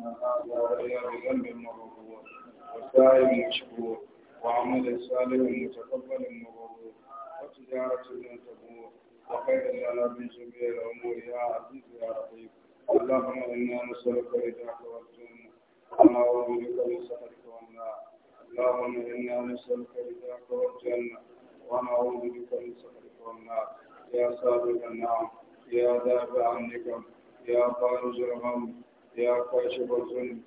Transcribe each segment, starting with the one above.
من هذا إلا بذنب مغفور وسائل مشكور وعمل صالح متقبل مغفور وتجارة لن تبور وخير لنا من جميع الأمور يا عزيز يا رقيب اللهم إنا نسألك رضاك والجنة ونعوذ بك من سخطك والنار اللهم إنا نسألك رضاك والجنة ونعوذ بك من سخطك والنار يا سابق النعم يا دافع النكم يا خارج الغم يا كاشف الذنوب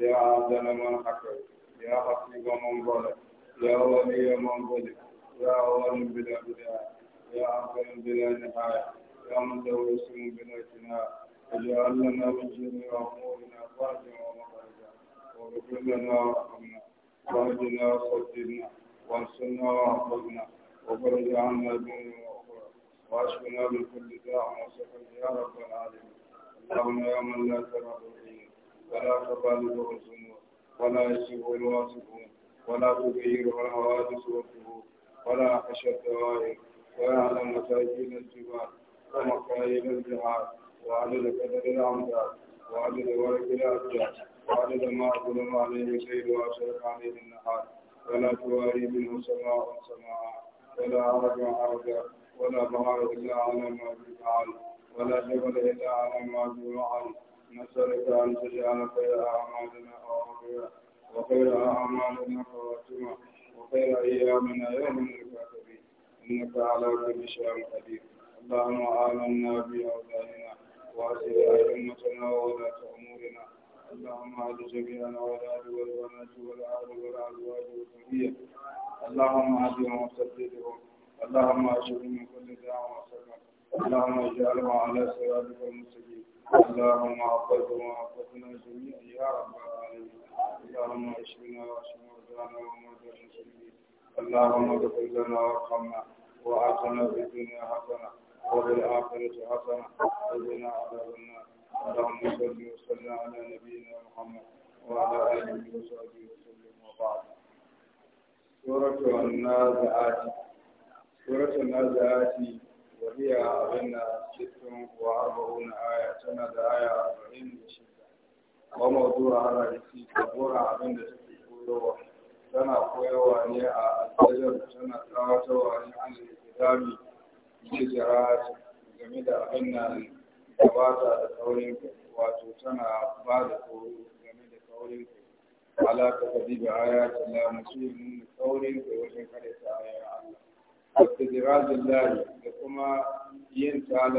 يا عادل من حكر يا حقيق من ظلم يا ولي من ظلم يا أول بلا بداية يا آخر بلا نهاية يا متوسل بلا كناية اجعل لنا من جميع أمورنا فرجا ومخرجا واغفر لنا وارحمنا واهدنا وصدقنا وانصرنا واحفظنا وفرج عنا الدنيا والأخرى واشفنا من كل داع وسقم يا رب العالمين اللهم يا من لا ترى ولا تقال له الظنون ولا يشبه الواصفون ولا تغيره الحوادث والظهور ولا خشى الدوائر ويعلم مساكين الجبال ومكاين الجهاد وعدد قدر الأمداد وعدد ورق الأبجاد وعدد ما أظلم عليه الليل وأشرق عليه النهار ولا تواري منه سماء سماء ولا عرج عرجا ولا بهار إلا على ما به تعالى ولا جبل إلا على ما جوعا نسألك أن تجعل خير أعمالنا أواخرها وخير أعمالنا خواتمها وخير أيامنا يوم الكاتبين إنك على كل شيء قدير اللهم آمنا بأوزاننا وأسر أئمتنا وولاة أمورنا اللهم اهد جميع الاولاد والبنات والاهل والازواج والذريه اللهم أعزهم وسددهم اللهم اشف من كل داع وصدق اللهم اجعله على صراطك المستقيم اللهم عافظه وعافظنا جميعا يا رب العالمين اللهم اشفنا واشف مرضانا ومرضى المسلمين اللهم اغفر لنا وارحمنا واعطنا في الدنيا حسنة وفي الآخرة حسنة وزنا عذاب النار اللهم صل وسلم على نبينا محمد وعلى آله وصحبه وسلم وبعد سورة النازعات سورة النازعات وهي أبنى ست وأربعون آية سنة آية أربعين وشدة وموضوع رئيسي كبورة أبنى تكتبوه سنة قوية ne a الزجر سنة قوة عن الإسلام بجراءة game da abin nan gabata da saurin wato tana ba da tsoro game da saurin alaƙa ta bibi aya ta lamusu yin saurin da wajen ta ayan Allah استدراج الله لكما ينتعل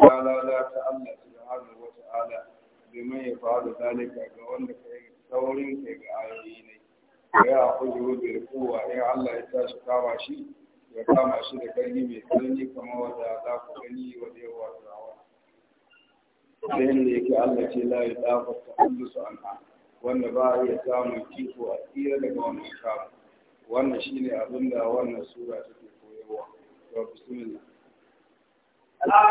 تعالى لا تعالى سبحانه وتعالى بما يفعل ذلك كونك saurin kai ga ayoyi ne ya kuzo bil kowa ya Allah ya tashi kama shi ya kama shi da karni mai tsanani kamar wanda za ku gani wanda ya wata hawa sai ne yake Allah ce la ya dafa ta'allusu anha wanda ba iya samun a tsira daga wannan kamu wannan shine wannan sura take بسم الله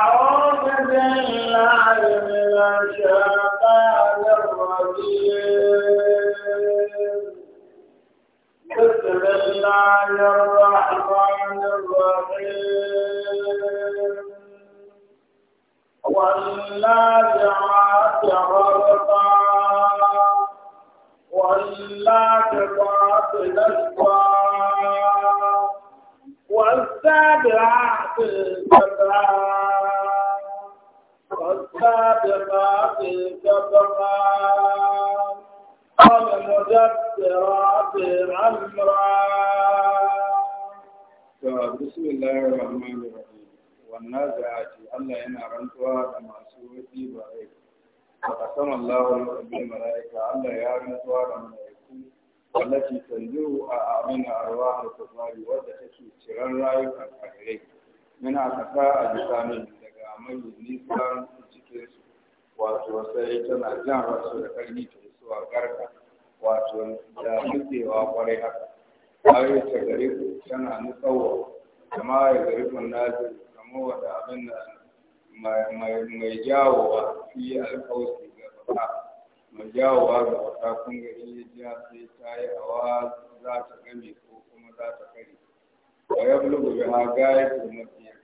أعوذ بالله من الشيطان الرجيم بسم الله الرحمن الرحيم والنازعات غرقا والنازعات نشطا والسابعات سبعا والسابقات سبقا والمدبرات أمرا بسم الله الرحمن الرحيم والنازعات الله ينا رنتوا مع سوتي بعيد وقسم الله الملائكة الله يا رنتوا كما wallafi tsallu a amina a ruwa da tsofari wadda take ciran rayukan kare yana kasa a jisamin daga mai nisan cikin su wato sai tana jan rasu da karni ta su a garka wato da mutsewa kwarai haka kwarai ta gare ku tana nutsawa kama ya na zai da abin da mai jawowa fiye alfawar su ga fata mai jawowa ga wata kungiyar ga in sai ta yi hawa za ta game ko kuma za ta kare wa ya bulugu bi ha gaya ya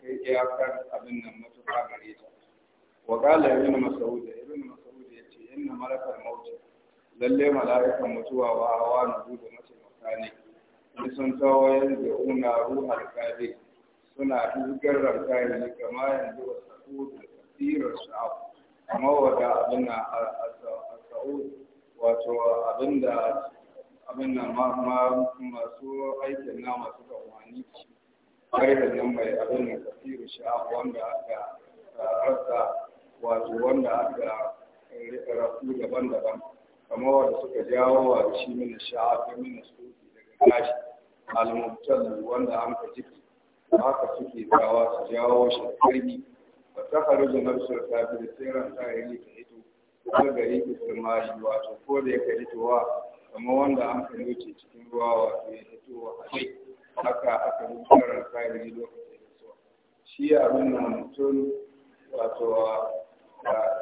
kai iyakar abin nan matuƙa gare ta wa kala ibn mas'ud masa mas'ud ya ce inna malakal maut lalle mala'ikan mutuwa wa hawa na da mace mutane in sun tawayen da una ruhal suna dukkan ne kama yanzu wasu kudu da tsirar sha'afu kamar wata abin na sa'ud wato abinda abin nan ma masu aikin na masu kawani ƙarfin nan mai abin da kasiru sha'a wanda aka rasa wato wanda aka rafu daban-daban kamar wanda suka jawo wa shi mini sha'a ta mini sufi daga gashi almubtal wanda an ka jiki haka suke kawa su jawo shi da ƙarfi ba ta faru da nafsar tafi da tseren tarihi ta hito har gari kusurmari wato ko da yake hitowa kamar wanda an ka nuce cikin ruwa wato ya a kai haka aka yi karar kayan lokacin hitowa shi abin nan mutum wato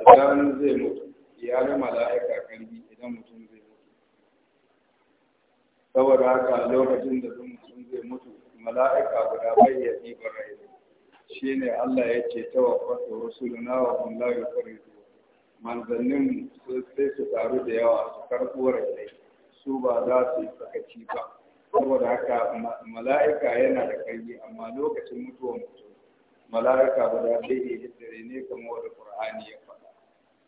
idan zai mutu ya yi mala'ika kalbi idan mutum zai mutu saboda haka lokacin da mutum zai mutu mala'ika guda bai ya ɗibar rai shi ne Allah ya ce ta wa fasa rasuluna wa kun la yufarritu manzannin sai su taru da yawa su karɓo da su ba za su yi sakaci ba saboda haka mala'ika yana da kai amma lokacin mutuwar mutum mala'ika ba za ta yi hittare ne kamar wani qur'ani ya faɗa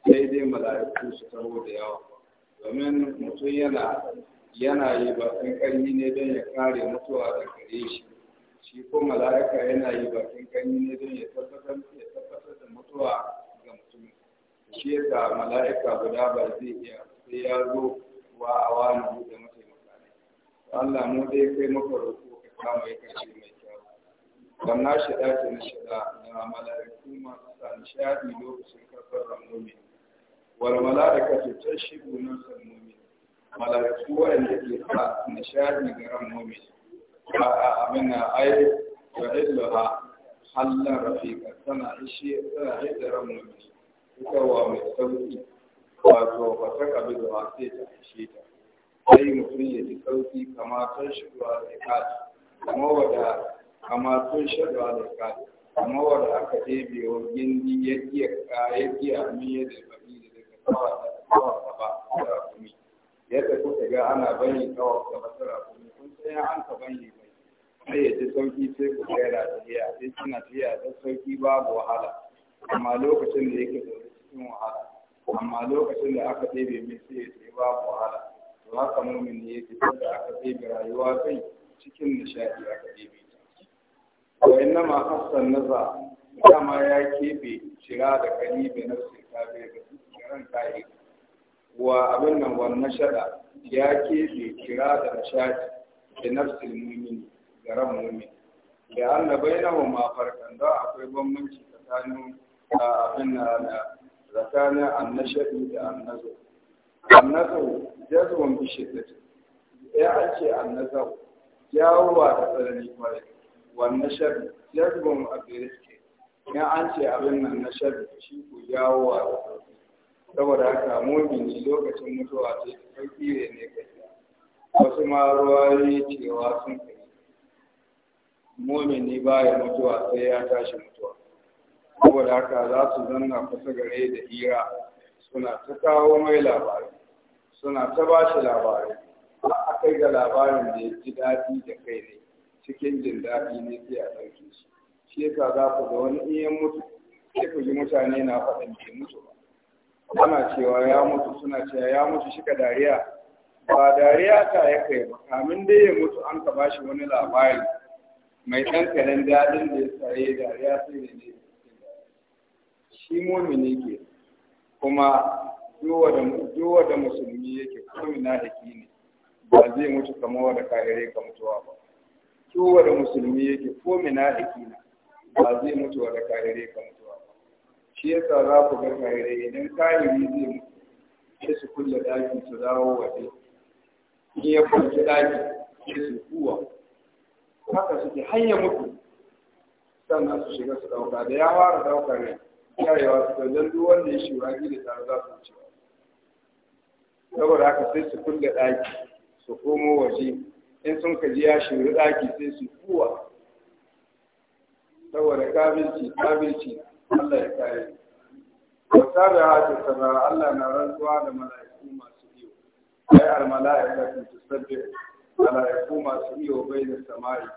sai dai mala'iku su taru da yawa domin mutum yana yana yi bakin kanyi ne don ya kare mutuwa da gare shi shi ko mala'ika yana yi bakin kanyi ne don ya tabbatar da mutuwa ga mutum. shi mala'ika guda ba zai iya sai ya zo wa a wani buɗe masa mutane Allah mu dai kai maka roƙo ka kama ya kashe mai kyau na shida ke na shida na mala'iku masu sa nishaɗi lokacin karɓar ramumi wani mala'ika ta shi gunan salmumi mala'iku wanda ke sa ne ga ramumi a amina ai wa illaha rafi ka tana ishe tana haidar ramumi fitarwa mai sauki wato ba ta kabi da sai ta kashe ta sai mutum ya ji sauki kamar tun shigowa da kaji kuma wada kamatar shigowa da kaji kuma wada aka ɗebe wa gindi ya iya ya iya da babi da daga kawar da ba da kumi yadda kuka ga ana bani kawar da ba da kumi kun san ya an ka bani bai sai ya ji sauki sai ku gaira tafiya sai suna tafiya da sauki babu wahala amma lokacin da yake da cikin wahala amma lokacin da aka ɗebe mai sai ya ce babu wahala to haka mumini yake da aka ɗebe rayuwa kai cikin nishaɗi aka ɗebe ta wa inna ma hassan naza dama ya keɓe shira da kalibe na sirkabe da ran kayi wa abin nan wa nashaɗa ya keɓe kira da nishaɗi da nafsin mumin da ran mumin da annabai na ma farkan da akwai bambanci tsakanin abin na tsakanin annashaɗi da annazau annazau jazuwan bishiddati ya ake annazau jawowa da tsanani kwarai wannan shaɗi jazuwan abiriski ya an ce abin nan na shaɗi shi ku jawowa da sauki saboda haka mumini lokacin mutuwa ce ta sauki ne ne kai wasu ma ruwaye cewa sun kai mumini baya mutuwa sai ya tashi mutuwa saboda haka za su zanna kusa gare da hira suna ta kawo mai labari suna ta ba shi labari ba a kai ga labarin da ya ji daɗi da kai ne cikin jin daɗi ne sai a ɗauke shi shi yasa za ku ga wani iya mutu sai ku ji mutane na faɗin ke mutu ba suna cewa ya mutu suna cewa ya mutu shi ka dariya ba dariya ta ya kai ba kamin dai ya mutu an ka ba shi wani labari mai ɗan kanan daɗin da ya saye dariya sai ne ne shi mumini ke kuma duwa da musulmi yake mumina da ki ne ba zai mutu kama wada kahirai ka mutuwa ba duwa da musulmi yake ko mina da ki ne ba zai mutu wada kahirai ka mutuwa ba shi yasa za ku ga kahirai idan kahiri zai mutu sai su kulle ɗaki su dawo waje in ya kwanci ɗaki sai su kuwa haka suke hanya mutu sannan su shiga su ɗauka da ya fara ɗaukar ne kyarewa sannan duk wanda ya shiga gida tare za su wuce saboda haka sai su kulle ɗaki su komo waje in sun kaji ya shiga ɗaki sai su kuwa saboda kabilci kabilci Allah ya kare wata da hajji sana Allah na rantsuwa da mala'iku masu iyo ai al mala'ika su sabbi mala'iku masu iyo bai da samari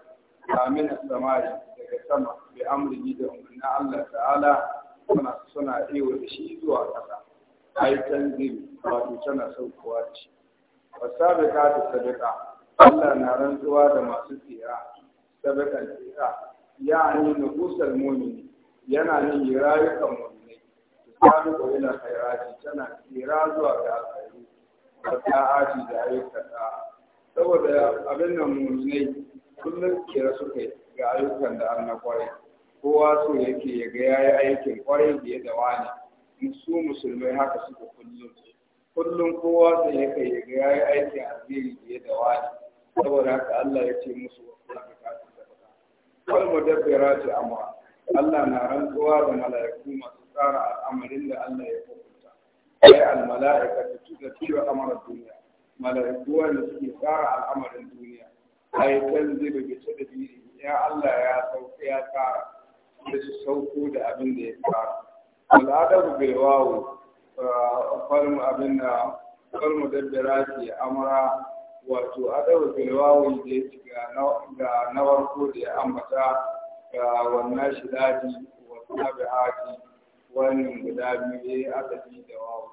amin samari daga sama bi amri da umarnin Allah ta'ala suna suna ɗewa da shi zuwa ƙasa ai tanzil wato tana saukowa ce wasabiqa da sadaka, Allah na rantsuwa da masu tsira sabiqan tsira ya ni nufusal mu'mini yana ni rayukan mu'minai tsari ko ila khairati tana tsira zuwa ga alkhairi da ta'ati da ayyukan saboda abin nan mu'minai kullum kira suke ga ayyukan da an na kowa so yake ya ga yayi aikin kwarai biye da wani su musulmai haka suka kullum kullum kowa so yake ya ga yayi aikin alheri biye da wani saboda haka Allah ya ce musu wasu da kasu da ba wal mudabbirati Amma. Allah na rantsuwa da mala'iku masu tsara al'amarin da Allah ya hukunta ai al mala'ikatu tudabbiru amara duniya mala'iku wanda suke tsara al'amarin duniya ai tanzilu bi tadbiri ya Allah ya sauke ya tsara su sauko da abin da ya fara al'adar bilwawo uh, farmu abin da farmu dabbira ke amara wato adar bilwawo da ya ci ga na farko da ya ambata ga wannan wato wasu tabi'ati wannan guda biyu ya yi adadi da wawo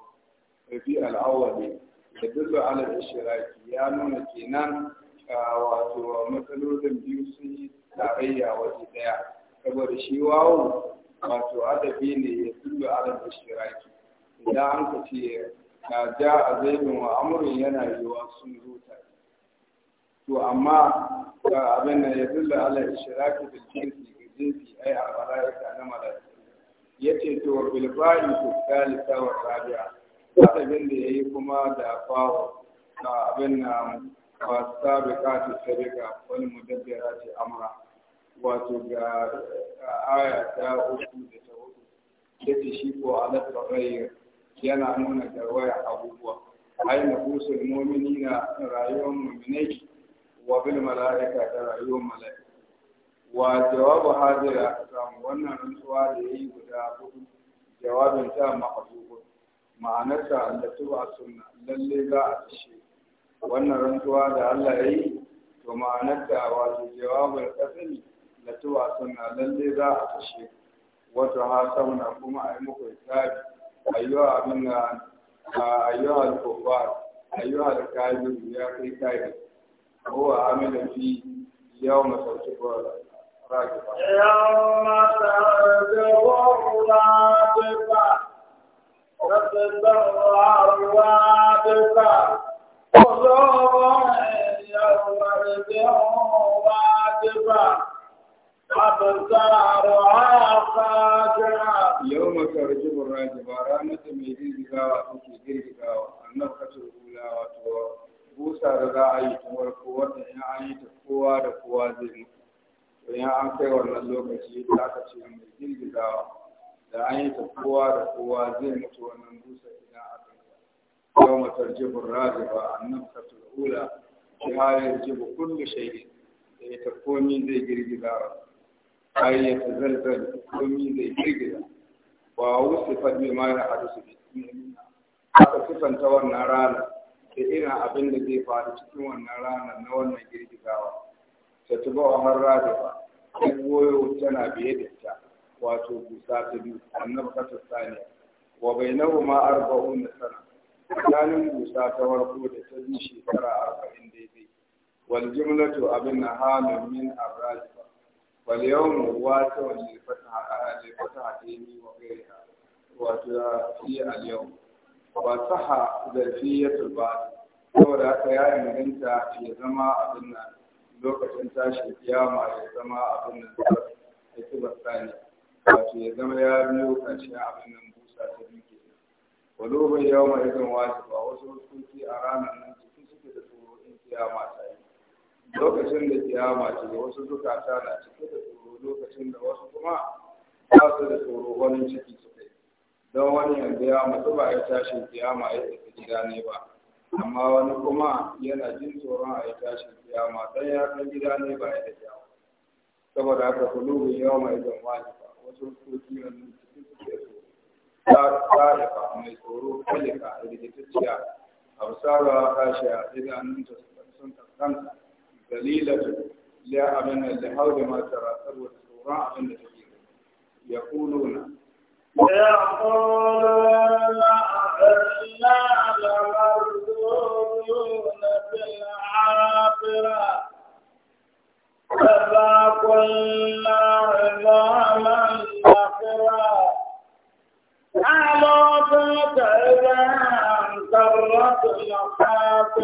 rabi al'awali da dullu ala ishiraki ya nuna kenan uh, wato matsalolin biyu sun yi tarayya waje daya saboda shi wawo wato adabi ne ya tullu ala ishtiraki idan an ka ce Na ja a zaibin wa amurin yana yiwuwa sun zuta to amma ga abin da ya tullu ala ishtiraki da jinsi ga jinsi ai a mala'ika na Ya ce to bilba'i ku salisa wa rabi'a adabin da ya yi kuma da fawo abin na wasabiqatu wani mudabbiya mudabbirati amura. wato ga aya ta uku da ta hudu da ce shi ko alat bagayir yana nuna garwaya abubuwa ai na kusur momini na rayuwar mominai wa bil mala'ika da rayuwar mala'ika wa jawabu hadira aka samu wannan rantsuwa da ya yi guda hudu jawabin ta mahabubu ma'anarsa da tuba sunna lalle za a tashi wannan rantsuwa da Allah ya yi to ma'anarta wato jawabin kasani da tuwasuna lalle za a kashe wato wata na kuma a yi muku hisabi ayyuwa abin da ayyuwa al-kufar ayyuwa al-kafir ya kai kai هو عمل في ta, ta راجفة يوم ترجف راجفة تتبع الراجفة ta. gara ai ya tazalzal komi zai girgiza wa wuce faɗi ma ya haɗu su aka sifanta wannan rana da irin abin da zai faru cikin wannan rana na wannan girgizawa ta tuba wa har rajifa ɗan goyo tana biye da ta, wato busa ta biyu annabi kata saniya wa bai nahu ma arba'un da sana tsakanin busa ta farko da ta biyu shekara arba'in daidai wal jumlatu abin na halin min arrajifa واليوم واتو لفتح لفتح ديني وغيرها واتو في اليوم وصح ذلفية البعض دورا خيار من انت في زما ابن لوك انت شفيا مع زما ابن حسب الثاني واتو زما يا ابنو كان شيء ابن موسى تبيكي ولو اليوم ايضا واجب وصول كنتي ارانا انت كنتي تتورو انت يا lokacin da kiyama ce wasu zukata na cike da tsoro lokacin da wasu kuma ba su da tsoro wani ciki su don wani yanzu ya mutu ba ya tashin kiyama ya tafi gida ne ba amma wani kuma yana jin tsoron a ya tashin kiyama don ya san gida ne ba ya da kyawu saboda haka kulubin yau mai zan ba wasu soki yanzu cikin su ke so ta ba mai tsoro kalika a rigitacciya a wasarwa a idanunta sun kaskanta dalilan la abin da ما ترى tara saboda tsoron abin da take ya kuno na يقولون أئنا لمردودون في العاقرة فما كنا عظاما نخرة قالوا إذا كرة خاسرة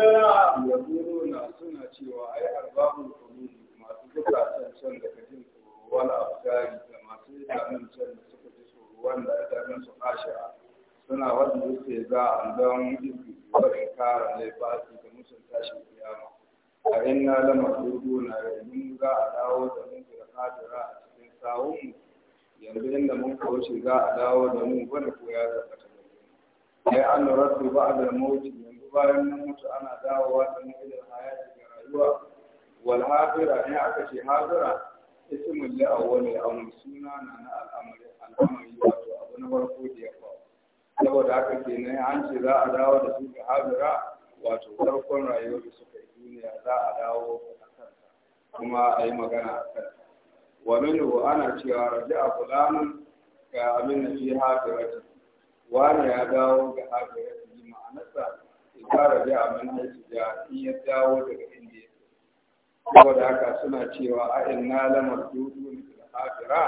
suna wanda yake za a don izu barin kara ne ba da mutum tashin kiyama a inna la masudu na yanzu za a dawo da mun da hadira a cikin sawun yanzu inda mun kauce za a dawo da mu wanda da ya da ta ai an rasu ba a da mauti yanzu bayan nan mutu ana dawowa da mu da haya daga rayuwa wal hadira ne aka ce hadira ismun li awwal al-amr suna na al-amr al'amari, wato abu na farko da ya faru saboda haka kenan an ce za a dawo da su ga hadira wato farkon rayuwar da suka yi duniya za a dawo a kanta kuma a yi magana a kanta wa minhu ana cewa a fulanin ga abin da fi ce wani ya dawo ga ce bi ma'anarsa idan raja'a min haiti ja in ya dawo daga inda ya saboda haka suna cewa a inna lamar ne da hadira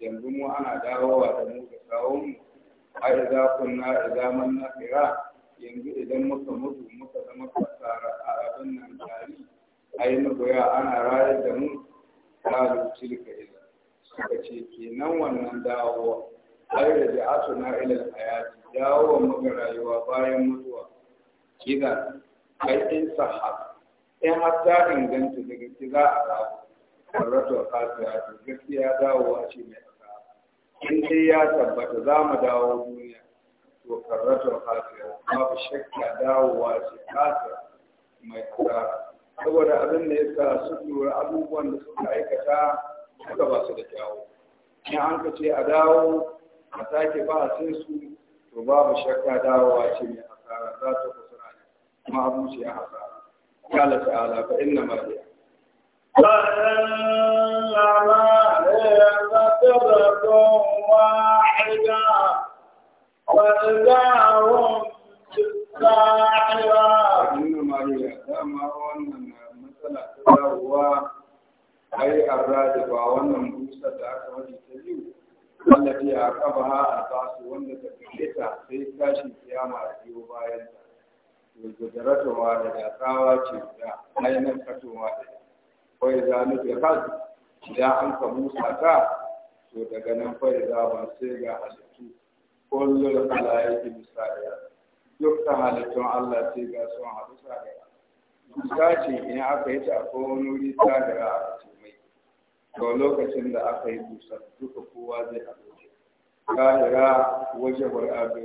yanzu mu ana dawowa da mu ga kawunmu a idza kunna idza man nakira yanzu idan muka mutu muka zama kasara a abin nan tari ai magoya ana rayar da mu kalu ka ila suka ce kenan wannan dawowa ai da ja'atu na ila hayati dawowa muka rayuwa bayan mutuwa kida ai in sahha in har ta inganta daga kiza a rabu karratu a kasuwa gaskiya dawowa ce mai in dai ya tabbata za mu dawo duniya to karratar hasira babu shakka dawowa ce kasa mai kasara saboda abin da ya sa su lura abubuwan da suka aikata suka ba su da kyawu in an ka ce a dawo a sake ba a sai su to babu shakka dawowa ce mai hasara za ta kusura ne kuma abu ce a hasara kala ta'ala fa inna ma ya فإنما فترة واحدة فإذاهم بالساحرة إنما هي دام وأن مثلا تدعوها أي الراجفة وأن المبوسة تأكل ta biyu wallafi a kaba ha a basu wanda ta fiye sai tashin kiyama a biyo bayan ta gujaratowa da tsawa ce da ainihin katowa ke kasu idan an ka musa ta to daga nan fa da ba sai ga halittu kullul alaiki misaliya duk ta halittun Allah sai ga sun haɗu sadara musa ce in aka yi ta ko wani wuri sadara a ce mai to lokacin da aka yi musa duka kowa zai haɗu sadara waje bai waje wal'abe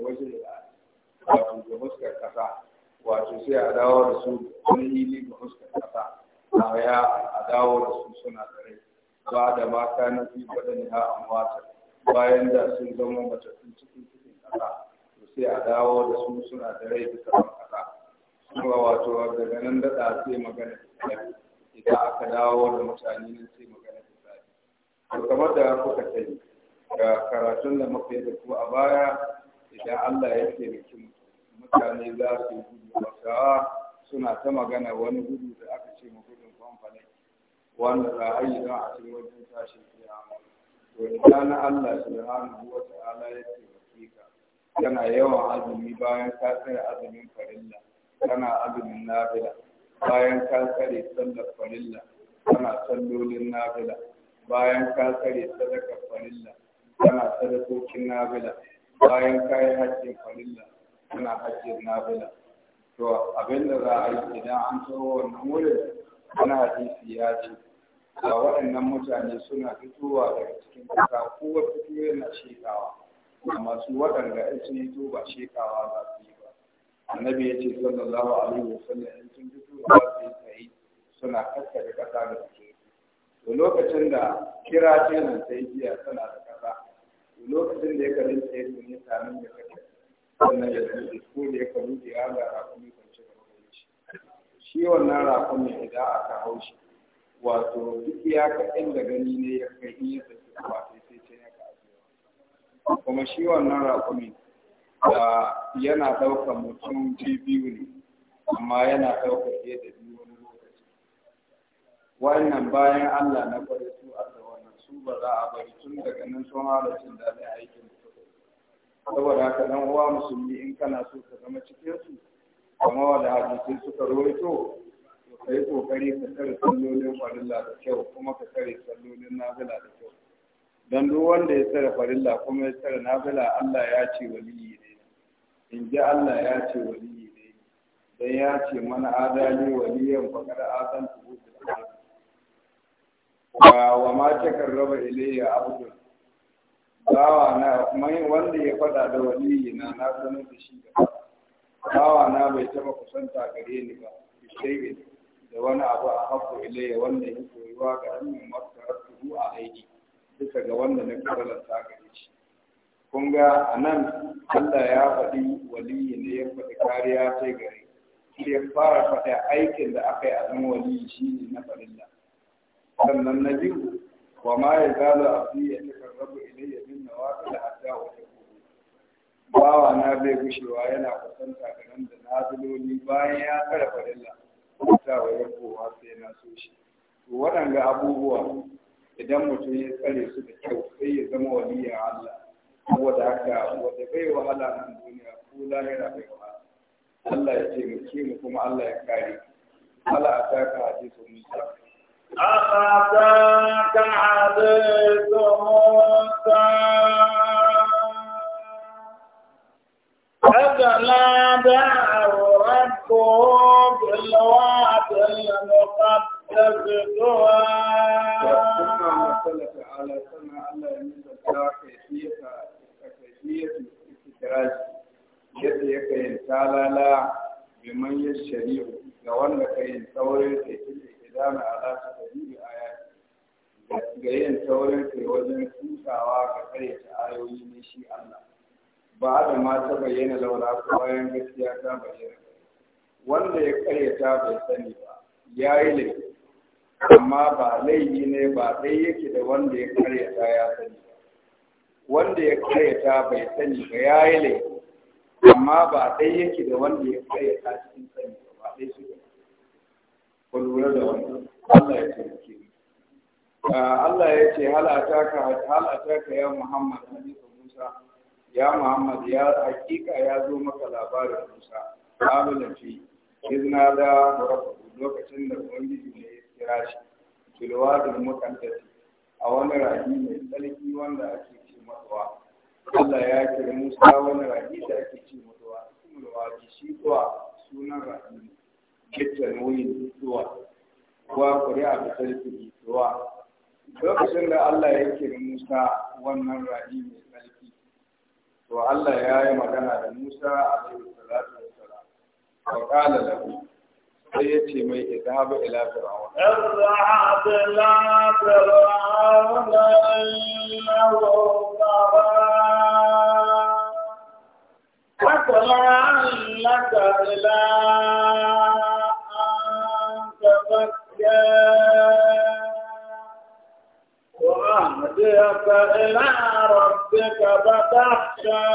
wato da fuskar kasa wato sai a dawo da su wani hili ga fuskar kasa a ya a dawo da su suna da ba da mata na fi baɗin ha amwata bayan da sun zama matattun cikin cikin kasa to sai a dawo da su suna da rai da ban ƙasa kuma wato daga nan daɗa sai magana da hisabi idan aka dawo da mutane nan sai magana da hisabi to kamar da kuka sani ga karatun da muka yi da ku a baya idan Allah ya taimaki mutane za su yi gudu suna ta magana wani gudu da aka ce ma gudun kwamfanin wanda za a yi za a ce wajen tashin kiyama to idan Allah subhanahu wa ta'ala ya taimake ka kana yawan azumi bayan ka tsare azumin farilla kana azumin nafila bayan ka tsare sallar farilla kana sallolin nafila bayan ka tsare sadakar farilla kana sadakokin nafila bayan ka yi hajjin farilla kana hajjin nafila to abinda za a yi idan an taho wannan wurin wani hadisi ya ce a waɗannan mutane suna fitowa daga cikin ƙasa kowa fito na shekawa amma su waɗanda ya sun fito ba shekawa za su yi ba annabi ya ce sallallahu alaihi wa sallam in sun fito ba su yi tsaye suna kakkare ƙasa da su to lokacin da kira ce nan sai jiya tana da ƙasa to lokacin da ya kalli tsaye ne ya sami da kake sannan ya zuɗe ko da ya kalli ya ga rakumi shi wannan ne idan aka hau shi wato duk ya ka inda gani ne ya kai in ya tafi kuma sai sai can ya ka kuma shi wannan rakon da ah, yana ɗaukar mutum ji biyu ne amma yana ɗaukar fiye da biyu wani lokaci wannan bayan Allah na kwarai su Allah wannan su ba za a bari tun daga nan sun hada cin daɗin aikin da saboda haka ɗan uwa musulmi in kana so ka zama cikin su amma wanda hadisi suka rawaito to kai kokari ka tsare sallolin farilla da kyau kuma ka tsare sallolin nafila da kyau dan duk wanda ya tsare farilla kuma ya tsare nafila Allah ya ce waliyi ne in ji Allah ya ce waliyi ne dan ya ce mana adali waliyan fakar azan tuhu wa ma takarraba ilayya abdun bawa na wanda ya fada da waliyi na na sanar da shi da bawa na bai taba kusanta gare ni ba bishaibe da wani abu a haku ilayya wanda ya koyuwa ga hannun tuhu a aiki bisa ga wanda na ta gare shi kun ga a nan Allah ya faɗi waliyi ne ya faɗi kariya sai gare shi ya fara faɗi aikin da aka yi a nan waliyi shi ne na da. sannan na biyu wa ma ya zala abdi ya takarrabu ilayya bin nawafil bawa na bai gushewa yana kusanta ga nan da naziloli bayan ya kara farilla ta yankowa sai na so shi to waɗanda abubuwa idan mutum ya tsare su da kyau sai ya zama waliyya Allah saboda haka wanda bai wahala nan duniya ko lahira bai wahala Allah ya ce mu mu kuma Allah ya kare Allah a taka hadisu Musa أخذت حديث موسى إذ نادى ربه بالواد المقدس دعاء سبحانه وتعالى سمع الله من كيفية كيفية استدراج yadda ya kayyanta lala biman ya shari'u ga wanda kayin taurin da ke da idana ala su da biyu a ga yin taurin kai wajen tusawa ga karyata ayoyi ne shi Allah ba da ma ta bayyana laura ko bayan gaskiya ta bayyana wanda ya karyata bai sani ba ya yi laifi amma ba laifi ne ba ɗai yake da wanda ya karyata ya sani wanda ya karyata bai sani ba ya yi laifi amma ba ɗai yake da wanda ya karyata cikin sani ba ɗai shi ku lura da wannan Allah ya taimake mu ah, Allah ya ce hal ataka hal ataka ya Muhammad hadithu Musa ya Muhammad ya hakika ya zo maka labarin Musa qalu fi izna da rabbu lokacin da ubangiji ne ya kira shi kilowa da mukaddasi a wani rahi mai tsarki wanda ake ce matuwa. Allah ya kira Musa wani rahi da ake ce matuwa, kuma wadi shi kuwa sunan rahi ne kitchen wuyin zuwa kuwa kuri'a da tsarki zuwa lokacin da Allah ya kira Musa wannan rahi mai to Allah ya yi magana da Musa alaihi salatu wassalam wa qala lahu sai ya ce mai idhabu ila fir'aun irhab ila fir'aun innahu tagha فطلع لك إلى أن تفكر وأهديك إلى ربك فتخشى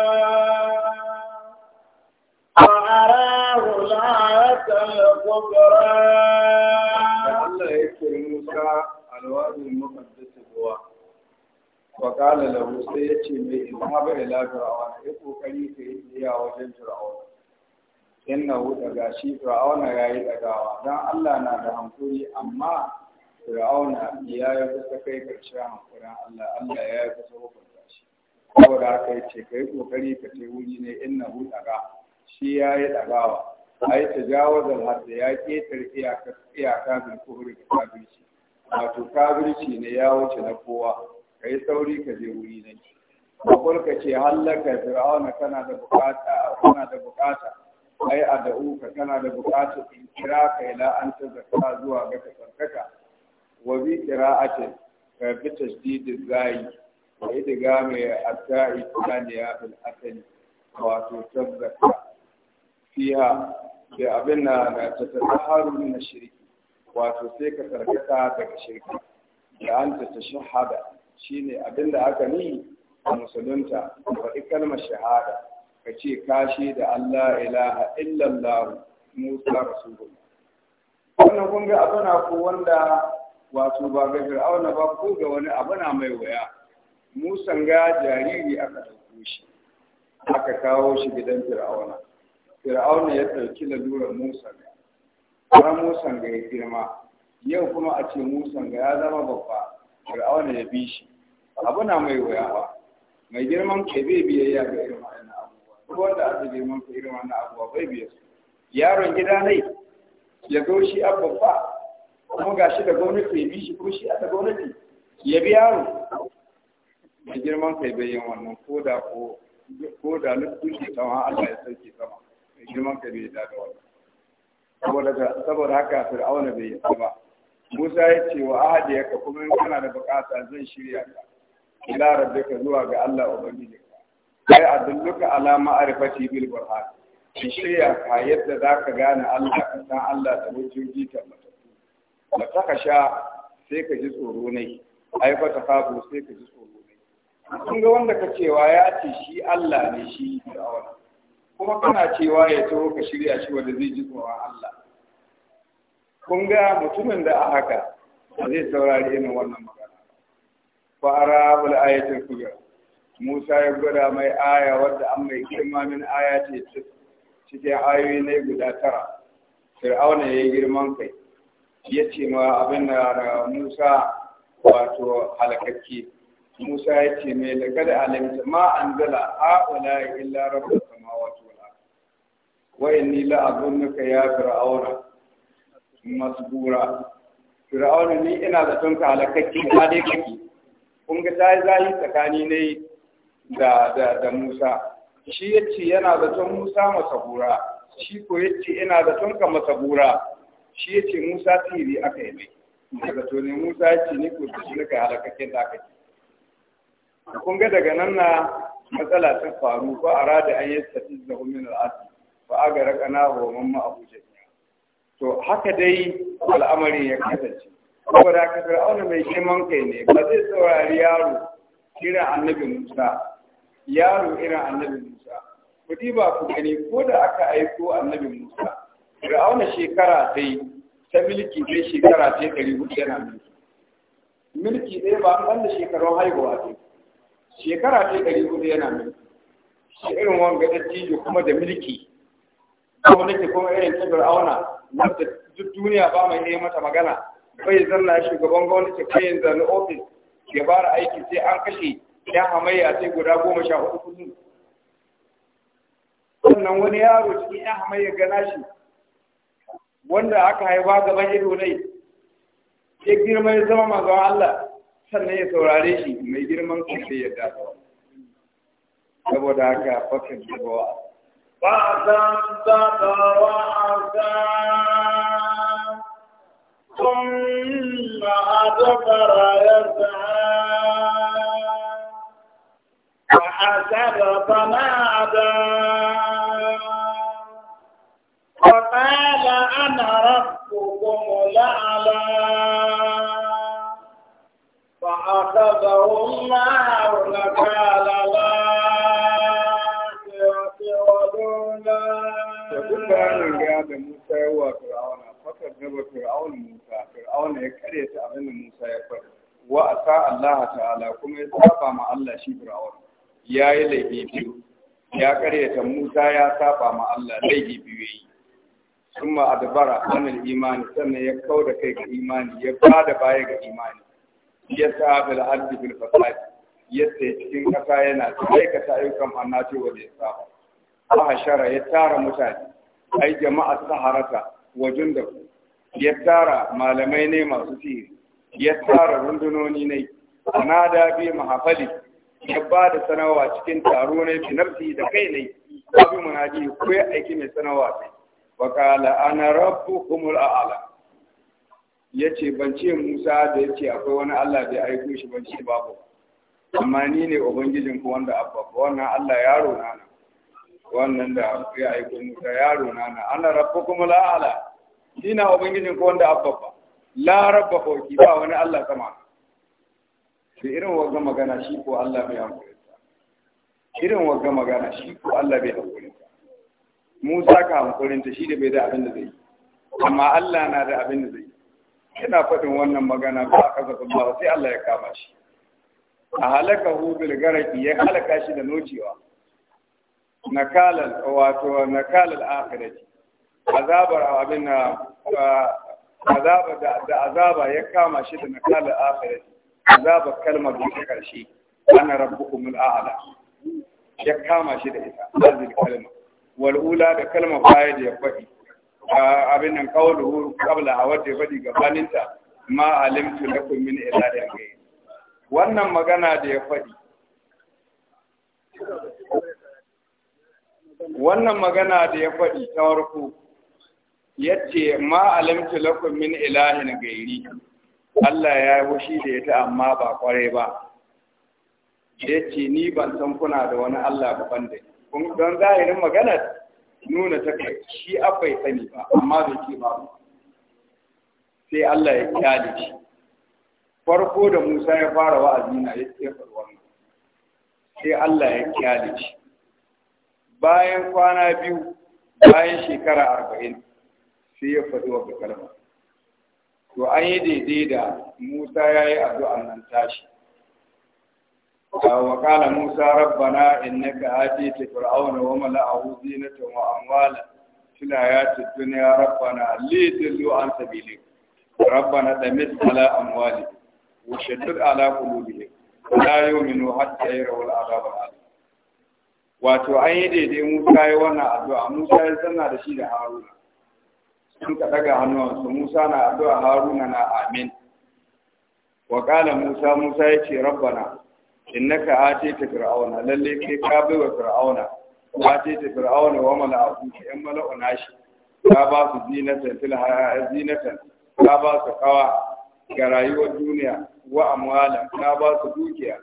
وأراه الآية الكبرى الله يكفر موسى الوعد المقدس هو وقال له سيأتي من إذهب إلى فرعون يقول كيف يا وجل فرعون innahu daga shi fir'auna yayi dagawa dan Allah na da hankuri amma fir'auna ya yi kusa kai karshe hankulan Allah Allah ya yi kusa hukunta shi saboda haka ka yi kokari ka ce wuri ne na hutu daga shi ya yi dagawa ai tajawazal hadda ya ketare iyaka bin kuhuri kufri kabirci wato kabirci ne ya wuce na kowa Ka yi sauri ka je wuri ne bakul ka ce hallaka fir'auna kana da bukata kana da bukata ai ka kana da bukata in kira kai la anta zakka zuwa ga ka tsarkaka wa bi qira'atin ka bi tasdidin zai wa idiga mai atai taniya bil asali wato tabbata fiha da abin na na tattaharu na shirki wato sai ka sarkata daga shirki da shahada shine abin da aka ni a musulunta shahada ka ce da Allah ilaha illallah Musa wannan kun ga abu na wanda wato ba ga fir'auna ba ko ga wani abu na mai waya musan ga jariri aka ɗauko shi aka kawo shi gidan fir'auna fir'auna ya ɗauki lalurar Musa, ga Ba musan ga ya girma yau kuma a ce musan ga ya zama babba fir'auna ya bi shi abu na mai waya ba mai girman ke bai biyayya ga irin wannan abubuwa duk wanda aka girman ka irin wannan abubuwa bai biya yaron gida ne ya zo shi abba kuma ga shi da gwamnati ya bi shi kuma shi a da gwamnati ya bi yaro Mai girman kai bai yin wannan ko da ko ko da Allah ya sauke sama Mai girman kai bai da wannan saboda saboda haka fir'auna bai yi ba Musa ya ce wa ahadi yaka kuma in kana da bukata zan shirya ka ila rabbika zuwa ga Allah ubangiji sai adulluka ala ma'rifati bil qur'an shirya ka yadda zaka gane Allah ka san Allah da hujjoji tabbata ba ta ka sha sai ka ji tsoro ne ai ba ta hafu sai ka ji tsoro ne kun ga wanda ka cewa ya ce shi Allah ne shi fir'auna kuma kana cewa ya taho ka shirya shi wanda zai ji tsoron Allah kun ga mutumin da a haka ba zai saurari irin wannan magana ba arabul ayatul kubra Musa ya gwada mai aya wadda an mai girma min aya ce cikin ayoyi ne guda tara fir'auna ya yi girman kai ya ce ma abin da Musa wato halakakke Musa ya ce mai lagar da alimta ma an zala ya illa rabu sama wato na wayan ni la'abun nuka ya fir'auna masbura fir'auna ni ina zaton ka halakakke ma dai kake kun ga ta yi zahi tsakani ne da da da Musa shi yace yana zaton Musa masabura shi ko yace ina zaton ka masabura shi ya ce musa tsiri aka yi mai daga to musa ya ce da shi naka halakakken da aka ce kun kunga daga nan na matsala ta faru ko a rada an yi tafi da min al'adu ba a gara kana wa mamma abuja to haka dai al'amarin ya kasance aka fara auna mai girman kai ne ba zai saurari yaro irin annabi musa yaro irin annabi musa kudi ba ku gani ko da aka aiko annabi musa fir'auna shekara ta yi ta milki ne shekara ta ɗari hudu yana milki milki ɗaya ba an da shekarun haihuwa ta shekara ta ɗari hudu yana milki shi irin wanga tijo kuma da milki kuma nake kuma irin ta fir'auna wanda duk duniya ba mai iya mata magana bai zanna shugaban gwamnati kai yanzu na ofis ya bara aiki sai an kashe ya hamayya sai guda goma sha hudu kudu. sannan wani yaro cikin ya hamayya gana shi wanda aka haifa gaban ido ne ya girma ya zama manzon Allah sannan ya saurare shi mai girman kai sai ya dafa saboda haka fakin dabawa fa'adan dabawa asa ثم أدبر يسعى وحسب فنادى وقال أنا ربكم الأعلى فأخذه الله نكال Kwanan ya da Musa ya Musa, ya Musa ya faru, wa a Allah ta'ala kuma ya saba ma Allah shi Fir'aun, ya yi laifi biyu, ya karyata Musa ya saba ma Allah laifi biyu ya yi. summa adbara anil imani sannan ya kauda da kai ga imani ya bada baya ga imani ya sa bil ardi bil fasad yadda cikin kasa yana aikata ayyukan annaci wanda ya saba shara ya tara mutane ai jama'a saharata wajen da ya tara malamai ne masu tsiri. ya tara rundunoni ne ana da bi mahafali ya ba da sanawa cikin taro ne finarsi da kai ne babu munaji ko ya aiki mai sanawa sai faƙala ana rabu kumul a'ala ya ce ban ce musa da ya ce akwai wani allah da ya aiko shi ban babu amma ni ne ubangijin ku wanda abba wannan allah yaro na na wannan da ya aiko musa yaro na na ana rabu kumul a'ala shi na ubangijin ku wanda abba ba la rabba fauki ba wani allah sama da irin wagga magana shi ko allah bai amfani irin wanga magana shi ko allah bai Musa ka ta shi da bai da abin da zai yi amma Allah na da abin da zai yi yana faɗin wannan magana ba a kasa ba sai Allah ya kama shi a halaka hubil garaƙi garaki ya halaka shi da nocewa kalal wato kalal akhirati azabar abin azaba da azaba ya kama shi da na kalal akhirati azaba kalmar da karshe ana rabbukumul a'la ya kama shi da ita azil kalmar wal'ula da kalmar baya da ya faɗi abin nan kawo kabla a wadda ya faɗi gabaninta ma alimtu lakum min ilahin gai wannan magana da ya faɗi wannan magana da ya faɗi ta warko yace ma alimtu lakum min ilahin gairi Allah ya yi wushi da ita amma ba kwarai ba yace ni ban san kuna da wani Allah ba ban da ni don zahirin magana nuna ta kai shi abai sani ba amma zai ce ba sai Allah ya kyale shi farko da Musa ya fara wa'azi na ya ce farwa sai Allah ya kyale shi bayan kwana biyu bayan shekara arba'in sai ya faɗi wa kalma to an yi daidai da Musa ya yi addu'an nan tashi وقال موسى ربنا إنك آتيت فرعون وملأه زينة وأموالا في الآيات الدنيا ربنا ليضلوا عن سبيلك ربنا دمت على أموالك وشدد على قلوبهم لا يؤمنوا حتى يروا العذاب الأليم wato an yi daidai Musa ya wannan addu'a Musa ya zanna da shi da Haruna sun ka daga hannuwansu Musa na addu'a Haruna na amin wa Musa Musa ya ce rabbana innaka atayta fir'auna lalle kai ka bai wa fir'auna atayta fir'auna wa mala'ahu yan mala'u nashi ka ba su zinatan fil zinatan ka ba su kawa ga rayuwar duniya wa amwala ka ba su dukiya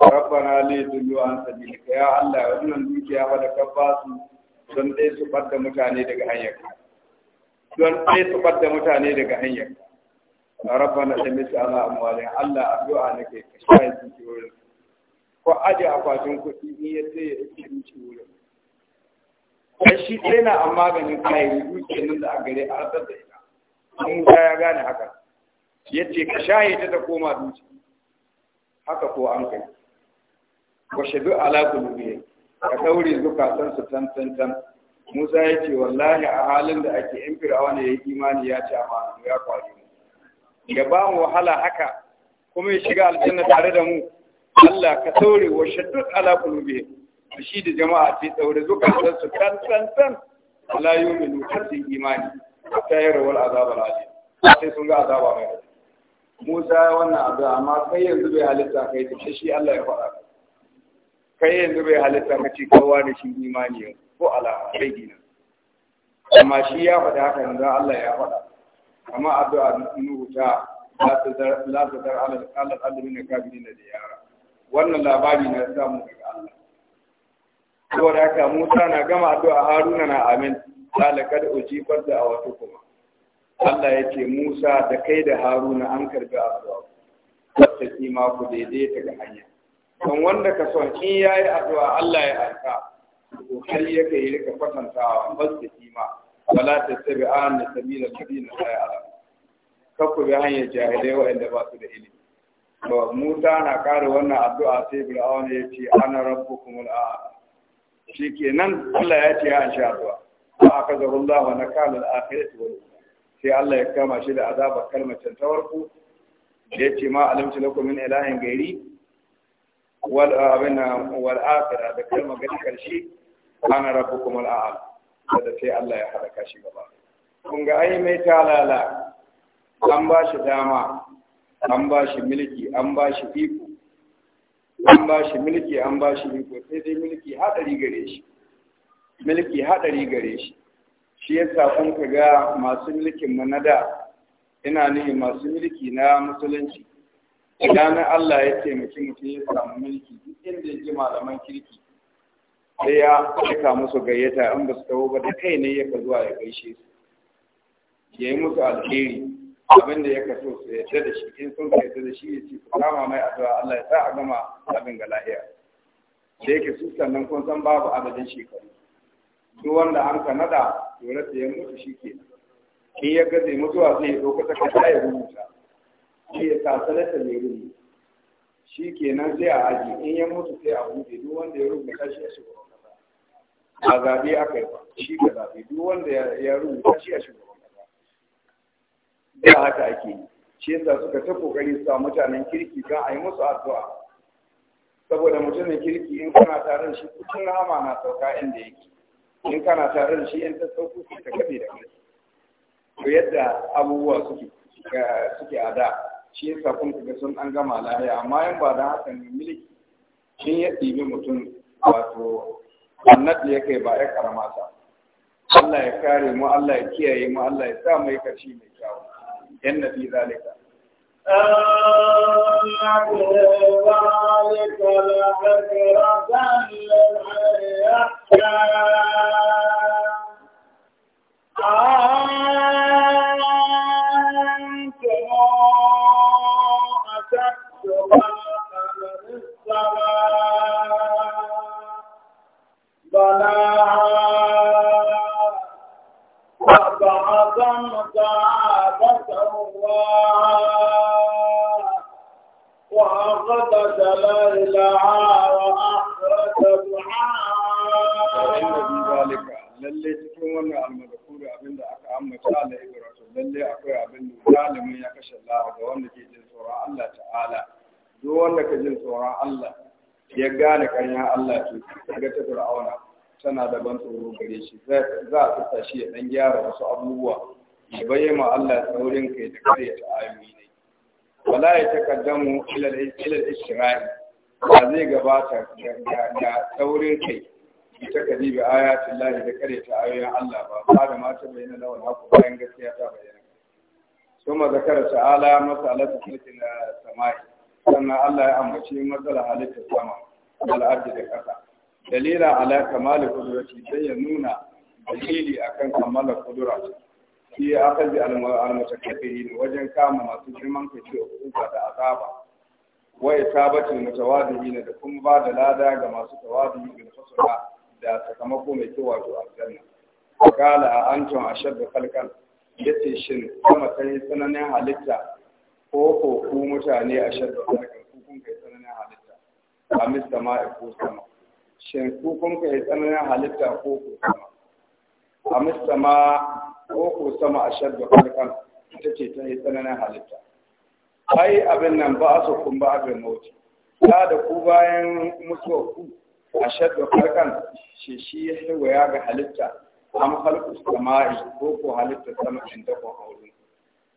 rabbana li yudillu an sabilika ya Allah wannan dukiya fa da ka ba su don dai su bar mutane daga hanyar don dai su bar mutane daga hanyar rabbana tamis ala amwala Allah addu'a nake ka shayi ko aje akwatin kuɗi in ya sai ya ɗauki duci wurin dan shi ɗaya na a maganin kayan duci nan da a gare a rasar da ita mun ya gane haka ya ce ka shaye ta ta koma duci haka ko an kai wa duk alaƙa kulubiyya ka daure zukatan su tan tan Musa ya ce wallahi a halin da ake in fir'awa ne yi imani ya ci amana ya kwari ya ba mu wahala haka kuma ya shiga aljanna tare da mu Allah ka daure wa shaddud ala da shi da jama'a ce tsaure zukatan su tan tan tan la yu'minu hatta imani ta yi rawar azab al sai sun ga azaba mai Musa ya wannan abu amma kai yanzu bai halitta kai da shi Allah ya faɗa kai yanzu bai halitta ka ce kowa da shi imani yau ko alama bai gina amma shi ya faɗa haka yanzu Allah ya faɗa amma addu'a nuhu ta la tazar la tazar ala al-adlina kabirin da yara wannan labari na samu daga Allah saboda haka Musa na gama addu'a Haruna na amin kala kada ujibar da a wata kuma Allah ya ce Musa da kai da Haruna an karbi addu'a wata kima ku daidaita ga hanya don wanda ka son in yayi addu'a Allah ya ansa kokari yake yi rika kwatantawa wata kima wala tattabi'an sabila ladina la ya'lamun kakku bi hanyar jahilai waɗanda ba su da ilimi to Musa na kare wannan addu'a sai Fir'auna ya ce ana rabbukumul a'la shikenan Allah ya ce ya an sha addu'a aka akazahu Allah wa nakala al-akhirati wal sai Allah ya kama shi da azabar kalmar tawarku da ya ce ma alamci lakum min ilahin gairi wal abin wal akhirah da kalmar gani karshe ana rabbukumul a'la da sai Allah ya haraka shi gaba kun ga ai mai talala an ba shi dama an ba shi mulki an ba shi iko an ba shi mulki an ba shi iko sai dai mulki hadari gare shi mulki hadari gare shi shi yasa kun ga masu mulkin mu na da ina ne masu mulki na musulunci idan Allah ya ce mutum ya samu mulki duk inda ya ji malaman kirki sai ya aika musu gayyata in ba su tawo ba da kai ne ya ka zuwa ya gaishe su ya yi musu alheri abin da ya kaso su yadda da shi in sun yadda da shi ya su kama mai addu'a Allah ya sa a gama abin ga lahiya da yake su sannan kun san babu adadin shekaru duk wanda an kanada, nada dole sai ya mutu shi ke in ya gaze mutuwa sai ya ɗauka takarda ya rubuta shi ya sa salata mai yi shi nan sai a aji in ya mutu sai a buɗe duk wanda ya rubuta shi ya kasa. ba zaɓe aka yi ba shi ka zaɓe duk wanda ya rubuta shi ya shiga da haka ake yi shi yasa suka ta kokari sa mutanen kirki kan a yi musu addu'a saboda mutumin kirki in kana tare da shi kucin rama na sauka inda yake in kana tare da shi in ta sauku sai ta kafe da kai to yadda abubuwa suke eh, suke a da shi yasa kun kaga sun an gama lahiya amma in ba da haka ne miliki in ya ɗibi mutum wato annat ya kai ba ya karama Allah ya kare mu Allah ya kiyaye mu Allah ya sa mu yi kashi mai kyau. inna fi zalika بلى وبعث الله وأخرج دلائلها وأخرج دعاء lalle cikin wannan almadakuri abin da aka ambata da ibrahim lalle akwai abin da zalimin ya kashe Allah ga wanda ke jin tsoron Allah ta'ala duk wanda ka jin tsoron Allah ya gane kanya Allah to ga ta fir'auna tana da ban tsoro gare shi za a tsaya shi ya dan gyara wasu abubuwa bai ma Allah saurin kai da kare ta ne wala ya takaddamu ila al-ishra'i ba zai gabata da saurin kai bi takadibi ayatin Allah da kare ta ayoyin Allah ba ba da mata bayyana lawan haku bayan gaskiya ta bayyana kuma Zakar ta'ala masalatu fil samai sannan Allah ya ambaci matsalar halittar sama al'arji da ƙasa dalila ala kamalin kudurati sai ya nuna dalili akan kamalar kudura fi akazi al ne wajen kama masu girman kai ce hukuma da azaba wa isabati ne da kuma ba da lada ga masu ne bil husna da sakamako mai kyau wato aljanna qala a antum ashaddu khalqan yace shin kuma sai sananin halitta ko ko ku mutane ashaddu khalqan ku kun kai sananin halitta A amis sama'i ko sama shin ku kun kai sananin halitta ko ko sama amis sama ko ko sama a shaddu halkan ita ce ta yi tsananin halitta ai abin nan ba su kun ba abin mauti ta da ku bayan mutuwa ku a shaddu halkan shi shi ya hewaya ga halitta an halku sama'i ko ko halitta sama in ta aure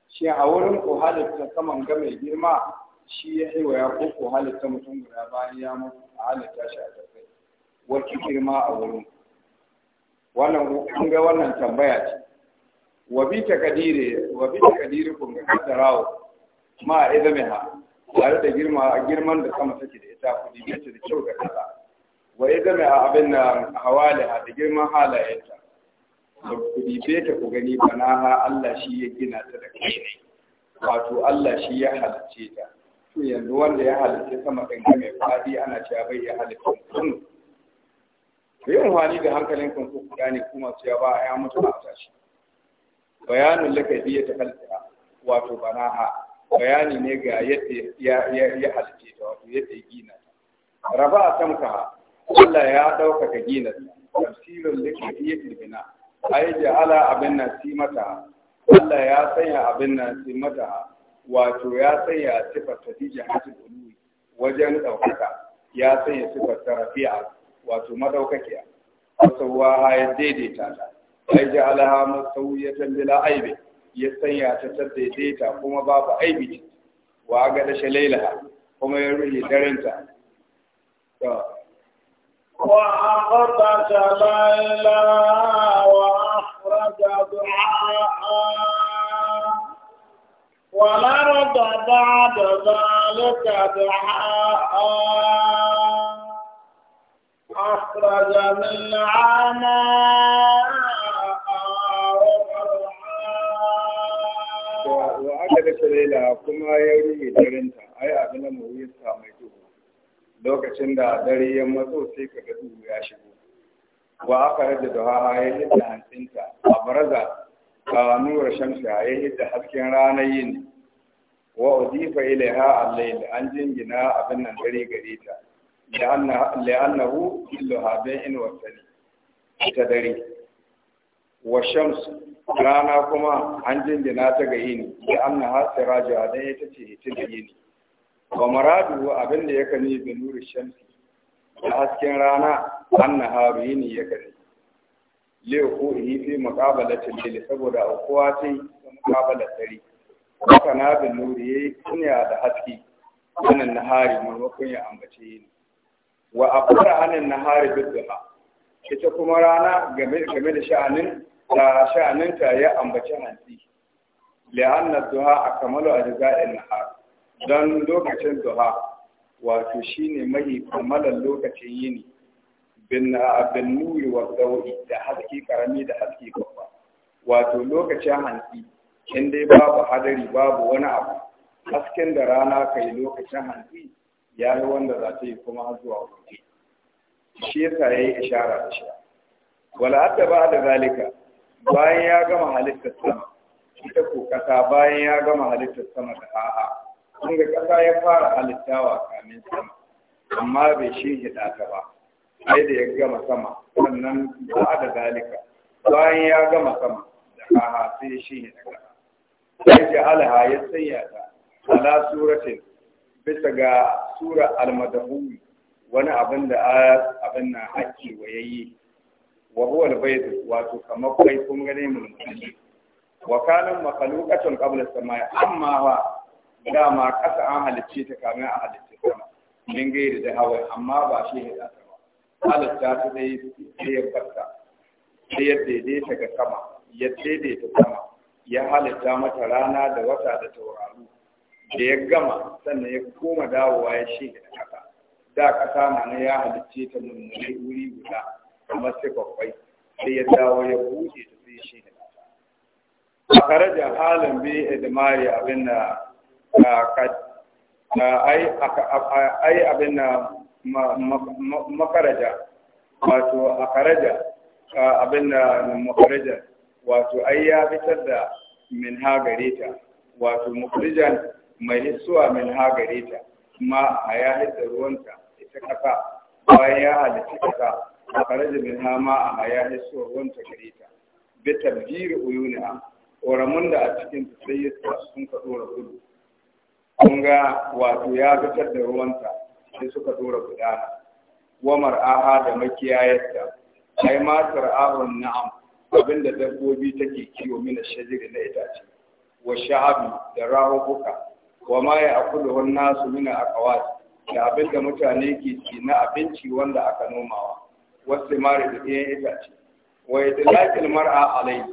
shi a wurin ko halitta saman ga mai girma shi ya hewaya ko ko halitta mutum guda bayan ya mutu a halitta shi a tafai wacce girma a wurin wannan kun ga wannan tambaya ce wa bi takadiri wa kun ga kaddarawo ma ha tare da girma girman da sama take da ita kudi ne ta da kyau da kaza wa a abin da ha da girman ta kudi dibe ta ku gani banaha Allah shi ya gina ta da kai ne wato Allah shi ya halicce ta to yanzu wanda ya halicce sama din mai fadi ana cewa bai ya halicce kun ku yi amfani da hankalin kan ku gane kuma cewa ba a ya mutu ba a tashi bayanun lakadi ya takalta wato bana'a, bayani ne ga yadda ya halice ta wato yadda ya gina ta raba a tamka Allah ya ka gina ta tafsirin lakadi da tilbina ai ja'ala abin nan si mata Allah ya sanya abin nan si mata wato ya sanya sifar ta dija hatin uluwi wajen ɗaukaka ya sanya sifar ta rafi'a wato madaukakiya wasu wa ya daidaita ta ai ja'alaha musawiyatan bila aibe, ya sanya ta ta daidaita kuma babu aibi wa ga da shalailaha kuma ya ruhi darinta to wa aqata shalaila wa akhraja du'a والأرض بعد ذلك دعاء أخرج من عمار laila kuma ya rige darinta ai abin da mu yi mai duhu lokacin da dare ya matso sai ka ga duhu ya shigo wa aka rage da haha ya hidda hantsinta a baraza a nura shamsa ya hidda hasken ranar yin wa udifa ilaiha al-layl an jingina abin nan dare gare ta li'annahu illuha bai'in wa sani ta dare wa shamsu rana kuma an jingina ta ga yini da an na hasira jiwa don ya ce hitin da yini ba maradu abin da ya kani da nuri shamsi da hasken rana an na haru yini ya kani leo ko yi fi ta lili saboda aukuwa ce ta muƙabalar dare haka na bin nuri ya yi kunya da haske na nahari maimakon ya ambace yini wa a fara anan nahari bidda ita kuma rana game da sha'anin da sha'aninta ya ambaci hantsi li'anna duha a kamalu a nahar don lokacin duha wato shine mai kammalan lokacin yini bin ah, nuri wa dawi da haske karami da haske babba wato lokacin hanti in dai babu hadari babu wani abu hasken da rana kai lokacin hanti ya yi wanda za ta yi kuma har zuwa wuce shi yasa ya yi ishara da shi wala hadda ba da zalika bayan ya gama halittar sama ita ko kasa bayan ya gama halittar sama da ha'a kun ga kasa ya fara halitta halittawa kamin sama amma bai shi hida ta ba sai da ya gama sama sannan ba a da dalika. bayan ya gama sama da ha'a sai shi hida kasa sai ji alaha ya sanya ta ala suratin bisa ga sura almadahu wani abin da abin na hakki wayayye. wa huwa wato kamar kai kun gane mu wa kana makhluqatun qabla as-samai amma wa dama kasa an halicce ta kamin a halicce sama min gairi da hawa amma ba shi ne zata ba halitta ta dai sai ya barta sai ya daidaita ga sama ya daidaita sama ya halitta mata rana da wata da tauraru da ya gama sannan ya koma dawowa ya shi da kasa da kasa na ya halicce ta mummune wuri guda kamar kwakwai sai ya dawo ya buɗe ta sai shi ne a kare da halin bi idmari abin da ai abin da makaraja wato a karaja abin da makaraja wato ai ya fitar da min hagare ta wato makarajan mai nisuwa min hagare ta ma a ya hidda ruwanta ita kasa bayan ya halitta kasa a faraja min hama a haya hisuwar wanta gare ta bi tabjiri uyuna ƙoramun da a cikin ta sai ya sun ka ɗora gudu kun ga wato ya fitar da ruwanta sai suka ɗora gudana Wamar, Aha da makiyayarta ai ma tar'ahun na'am abinda dabbobi take kiwo mina shajiri na itace wa sha'abi da rahubuka wa ma ya akulu nasu mina akawat da abinda mutane ke ci na abinci wanda aka nomawa wasu mara da ɗayan itace wa ya dalakin mar'a alai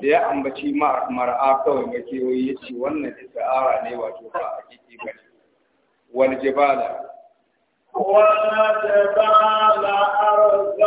ya ambaci mar'a kawai mai kewaye ya ce wannan ista'ara ne wato ba a kiki ba ne wal jibala wal jibala arzaa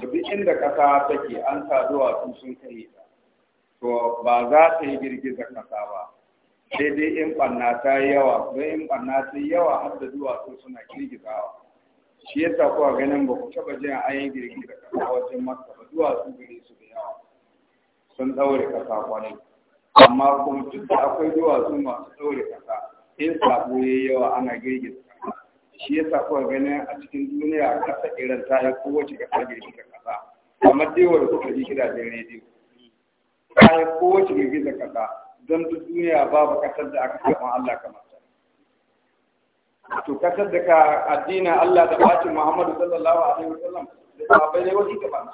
duk inda kasa take an sa duwatsu sun kai ta to ba za ta yi girgizar kasa ba sai dai in ɓanna ta yi yawa don in ɓanna ta yi yawa har da duwatsu suna girgizawa shi ya yasa kuwa ganin ba ku taɓa jin an yi girgizar kasa wajen masa ba duwatsu gare su da yawa sun ɗaure kasa kwanai amma kuma duk da akwai duwatsu masu ɗaure kasa in sabo ya yawa ana girgiza shi sa kuma ganin a cikin duniya kasa irin ta yi kowace kasa girgizar kasa amma dai wanda kuka ji da rediyo ta yi kowace gida kasa don duk duniya babu kasar da aka kama Allah kamar ta to kasar da ka addina Allah da bacin Muhammadu sallallahu alaihi wasallam da sahabbai ne wasu ka bana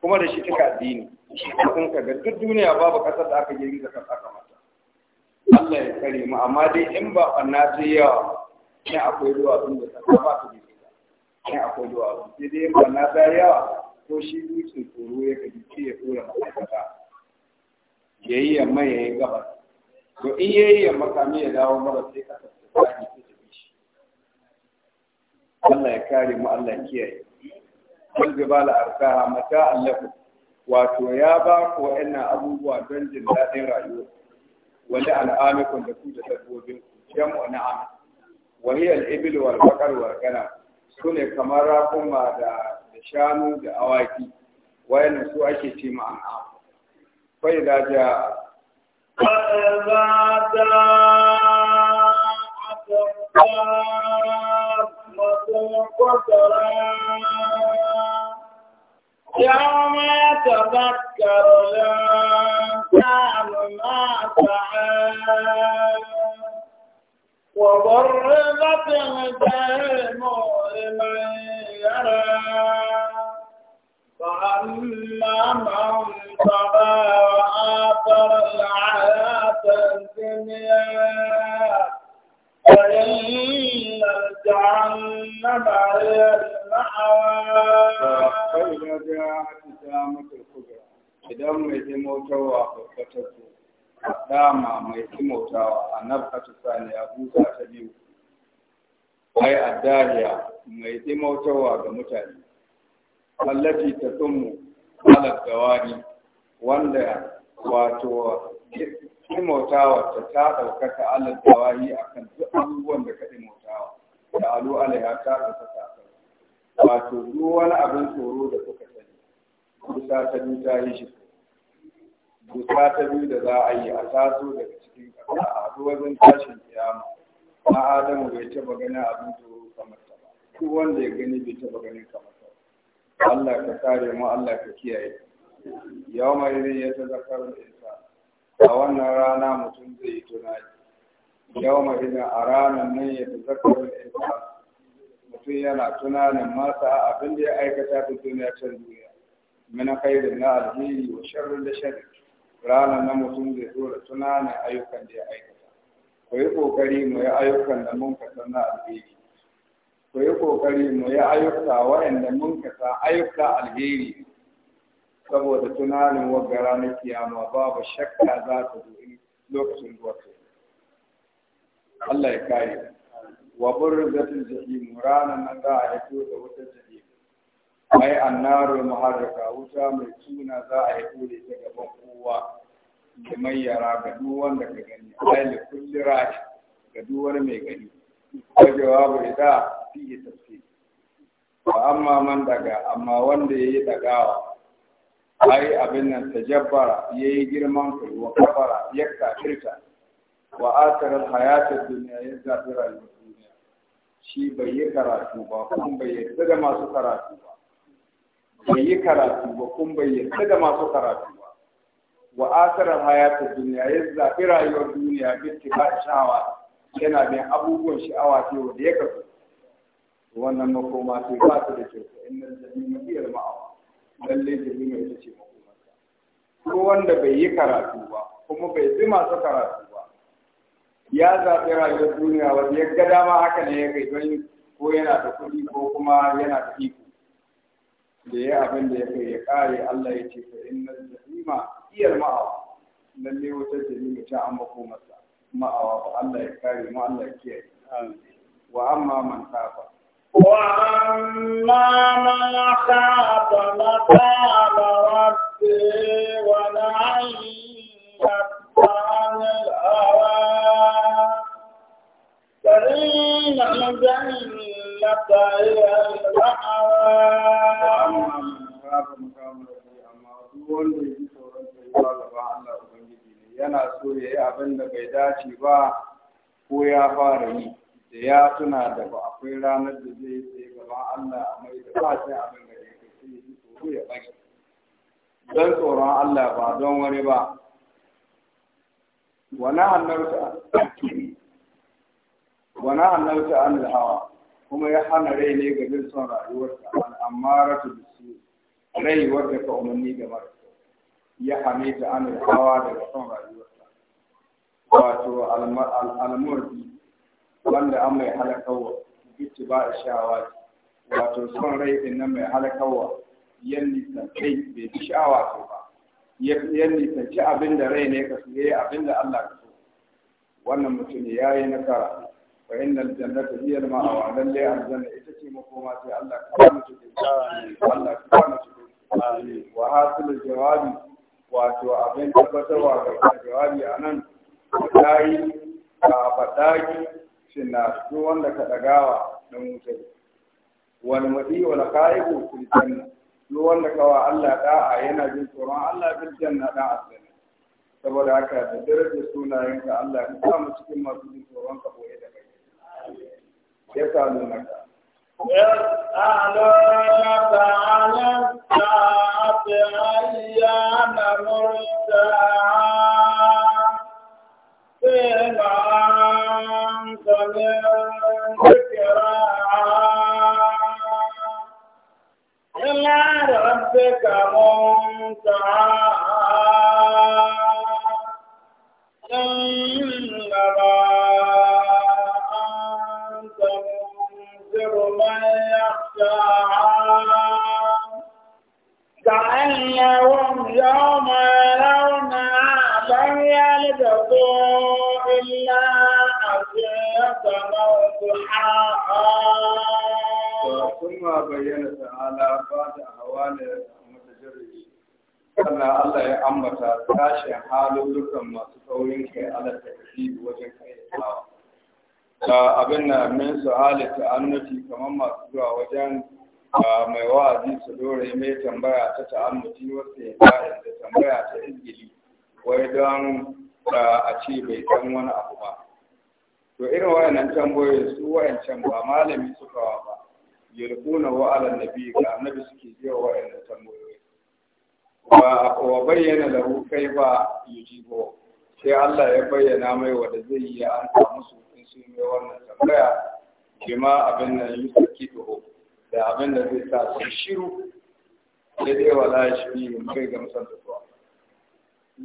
kuma da shi take addini shi kun ka ga duk duniya babu kasar da aka gida kasa kamar ta Allah ya kare mu amma dai in ba annabi yawa ne akwai duwatsun da saka ba su bisa ne akwai duwatsu sai dai na ta yawa ko shi dutsen tsoro ya kaji ce ya tura ma'aikata ya yi yamma ya yi gaba. to in ya yi yamma kame ya dawo gabas sai ka tafi tsaki ta tafi shi Allah ya kare mu Allah kiyaye wal jibala arkaha mata allakum wato ya ba ku wa'annan abubuwa don jin daɗin rayuwa wani al'amikun da ku da dabbobin ku jam'u na'am wahiyar ibil wal bakar wal su ne kamar rakuma da shanu da awaki wayan su ake ce ma an'am fa idza jaa fa idza jaa يوم يتذكر الإنسان ما سعى وغربت الدم لمن يرى فأما من طغى وآثر الحياة الدنيا فإن جهنم هي المأوى فإذا جاءت الدامة الكبرى إذا ميت موتوا وفتت dama mai timotawa a nafkatu saniya buta ta biyu ai addariya mai timotawa ga mutane allafi ta sunmu alaf gawari wanda wato timotawa ta ta ɗaukaka alaf gawari a kan duk abubuwan da ka timotawa da alu alaiha ta ɗaukaka wato duk wani abin tsoro da kuka sani kusa ta ta yi shi duka ta biyu da za a yi a taso daga cikin ƙasa a haɗu wajen tashin kiyama na adamu bai taɓa ganin abin tsoro kamar ta ba duk wanda ya gani bai taɓa ganin kamar ta ba Allah ka kare mu Allah ka kiyaye yau mai rin ya tazakar da isa a wannan rana mutum zai yi tunani yau mai rin a ranar nan ya tazakar da isa mutum yana tunanin masa abin da ya aikata ta duniya can duniya min da na alheri wa sharrin da sharri ranar na mutum zai zo da tunanin ayyukan da ya aikata ku yi kokari mu yi ayyukan da mun ka san na alheri ku yi kokari mu yi ayyuka waɗanda mun ka sa ayyuka alheri saboda tunanin wagga ranar kiyama babu shakka za ta zo in lokacin zuwa Allah ya kare wa burzatul jahim ranan nan za a fito da wata ai annaru muharraka wuta mai suna za a yi dole ta gaban kowa da mai yara ga duk wanda ka gani ai da kulli rashi ga duk wani mai gani ko jawabu idan fi tafi. Ba amma man daga amma wanda ya yayi dagawa ai abin nan ta ya yi girman kai kafara ya kafirta wa asarar hayatar duniya ya zaɓi rayuwar duniya shi bai yi karatu ba kuma bai yi da masu karatu ba bai yi karatu ba kun bai da masu karatu ba wa asarar hayatar duniya ya zaɓi rayuwar duniya bitti ba shawa yana bin abubuwan sha'awa ce wanda ya kasu wannan makoma sai ba su da kyau in nan jami'a biyar ma'awa lallai jami'a ita ce makoma ko wanda bai yi karatu ba kuma bai bi masu karatu ba ya zaɓi rayuwar duniya wanda ya ga dama haka ne ya kai don ko yana da kuɗi ko kuma yana da iko da ya abin da ya kai ya kare Allah ya ce fa inna jahima iyar ma'awa lalle wata jahima ta an mako masa ma'awa ba Allah ya kare mu Allah ya kiyaye wa amma man kafa wa amma man kafa maqama rabbi wa na'iya ta'ala فإن الجنة الشتى إلى yana so ya yi abin da bai dace ba ko ya fara yi da ya tuna da ba akwai ranar da zai tsaye gaban Allah a mai da ba sai abin da ya kace shi tsoro ya bage don tsoron Allah ba don wani ba wana annabta wana annabta an hawa kuma ya hana rai ne ga bin son rayuwarsa al'amara da su rai wadda ka umarni da marasa. ya hane ta ana kawa daga son rayuwarsa wato al'amurbi wanda an mai halakawa bici ba a shawa wato son rai din nan mai halakawa yan nisantai bai ci shawa ko ba yan nisanci abin da rai ne ka su yayi abin da Allah ka so wannan mutum ya yi nasara fa innal jannata hiya al ma'awa lalle aljanna ita ce makoma sai Allah ka ba mu cikin amin Allah ka ba mu cikin amin wa hasil jawabi wato abin tabbatarwa ga jawabi anan dai ka fadaki shin na duk wanda ka dagawa dan wuce wal mudi wal qaibu fil janna duk wanda kawa Allah da'a yana jin tsoron Allah bil janna da'a aljanna saboda haka da darajar sunayenka Allah ka sa cikin masu jin tsoron ka boye da kai na Yes, I'm in Thank you. ساعا كأنهم يوم يرونها لم يلبثوا إلا أسية أو ضحاها ثم بين تعالى بعد أحوال المتجرد Allah ya ambata tashin halin dukkan masu saurin kai ala takdibi wajen kai tsawa abin na min su halitta annuti kamar masu zuwa wajen mai wa'azi su dore mai tambaya ta ta'annuti wasu ya ba'in da tambaya ta izgili wai don a ce bai san wani abu ba to irin wayannan tambayoyi su wayancan ba malami suka wa ba yulkuna wa ala nabi ga annabi suke jiya wayannan tambayoyi wa wa bayyana lahu ba yujibu sai Allah ya bayyana mai wanda zai yi an ta musu shi mai wannan tambaya bima abin da yi da da abin da zai sa su shiru da dai wala shi ne kai gamsar da zuwa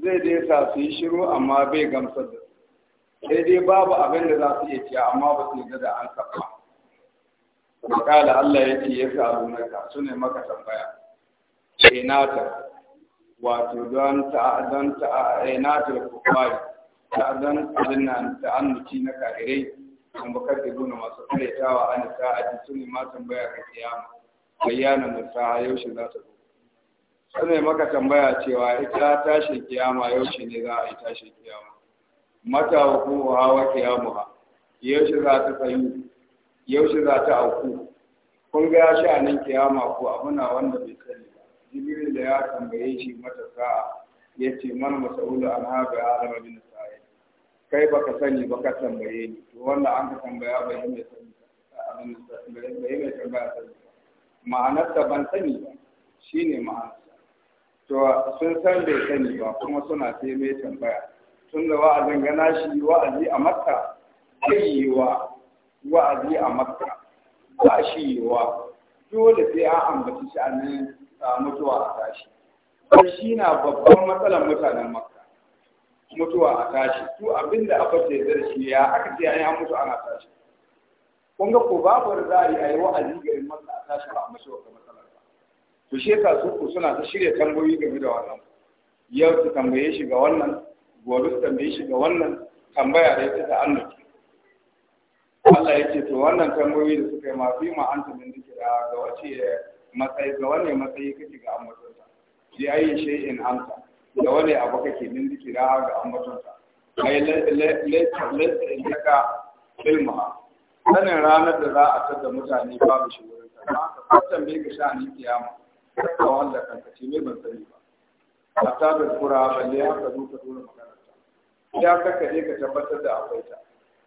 zai dai sa su yi shiru amma bai gamsar da su sai dai babu abin da za su iya ciya amma ba su yi da an saba kala Allah ya ce ya sa alunaka su ne maka tambaya inata wato don ta don ta inata eh, azan abin nan annuci na kahirai an baka da nuna masu karyatawa an sa'adi su ne ma tambaya ga kiyama bayyana musa yaushe za ta zo sai maka tambaya cewa ita tashi kiyama yaushe ne za a yi tashi kiyama mata hukuwa wa kiyamuha yaushe za ta tsayu yaushe za ta auku kun ga shi a nan kiyama ko abuna wanda bai sani ba jibril da ya tambaye shi mata sa'a yace mana masaulu an haɓe alama bin kai baka sani ba ka tambaye ni to wanda an ka tambaya bai mai sani abin bai mai tambaya sani ma'anar ta ban sani ba shine ma'anar to sun san bai sani ba kuma suna sai mai tambaya tun da wa'azin gana shi wa'azi a makka wa wa'azi a makka ba shi wa. dole sai an ambaci nan mutuwa a tashi shi na babban matsalar mutanen makka mutuwa a tashi to abinda a aka da shi ya aka ce ai an mutu ana tashi kun ga ko babu rizari ayi wa'azi garin masa a tashi ba mushi wata matsalar ba to shi yasa su ku suna ta shirya tambayoyi game da wannan yau su tambaye shi ga wannan gobe su tambaye shi ga wannan tambaya da ita da annabi Allah ya ce to wannan tambayoyi da suka yi ma fi ma an tumin dikira ga wace matsayi ga wanne matsayi kake ga ambatonta bi ayi shay'in amsa da wani abu kake min zikira ga ambatonta ai ka ilma sanin ranar da za a tada mutane babu shi wurin ta amma ka fatan bai ga sha'anin kiyama ka wanda kanka ce mai ban sani ba a tabar kura balle ka zo ka dora makaranta ya ka je ka tabbatar da akwai ta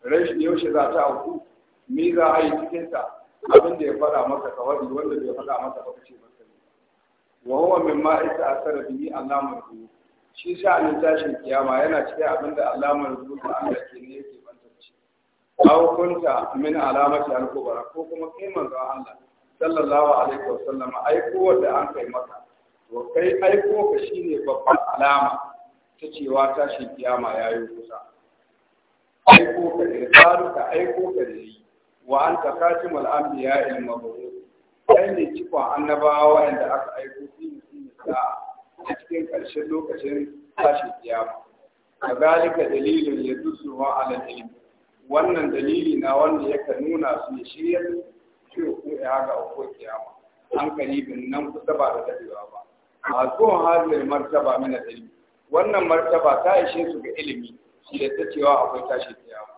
rashin yaushe za ta auku me za a yi cikin ta abin da ya faɗa maka kawai wanda bai faɗa maka ba ka ce ban sani wa huwa mimma isa asara bihi allamu bihi shi sha'anin tashin kiyama yana cikin abin da alamar rubuta da ke ne ke bantance aw kunta min alamati al-kubra ko kuma kai manzo Allah sallallahu alaihi wa sallama aiko da an kai maka to kai aiko ka shine babban alama ta cewa tashin kiyama yayi kusa aiko ka irsalu ka aiko ka da yi wa anta khatimul anbiya al-mabrur kai ne cikon annabawa wanda aka aiko su ne sa'a a cikin ƙarshen lokacin tashi kiyama kazalika dalilin ya dusu wa ala wannan dalili na wanda yaka nuna su ne shi ya ce ko ya ga ko kiyama an karibin nan kusa ba da dadewa ba a zuwan hazir martaba mina dalili wannan martaba ta ishe su ga ilimi shi da ta cewa akwai tashi kiyama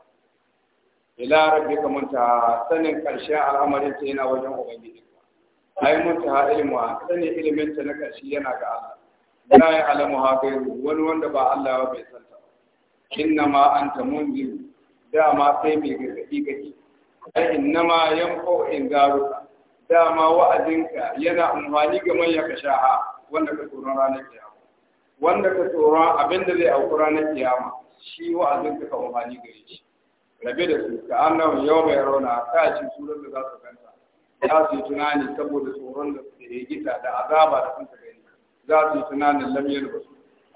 ila rabbi kamanta sanin ƙarshen al'amarin ta yana wajen ubangiji ai ilimi, wa sanin ilimin ta na ƙarshe yana ga Allah la ya alamu ha wani wanda ba Allah ba bai santa inna ma anta munzir dama sai mai gargadi kake ai inna ma yanfa'u inzaruka dama ka yana amfani ga man ya ha wanda ka tsoron ranar kiyama wanda ka tsoron abin da zai auku ranar kiyama shi wa'azinka ka amfani gare shi rabe da su ka annabi yau mai rauna ta ci sunan da za su ganta za su yi tunani saboda tsoron da su da ya gita da azaba da sun ta gani za su yi tunanin lamiyar ba su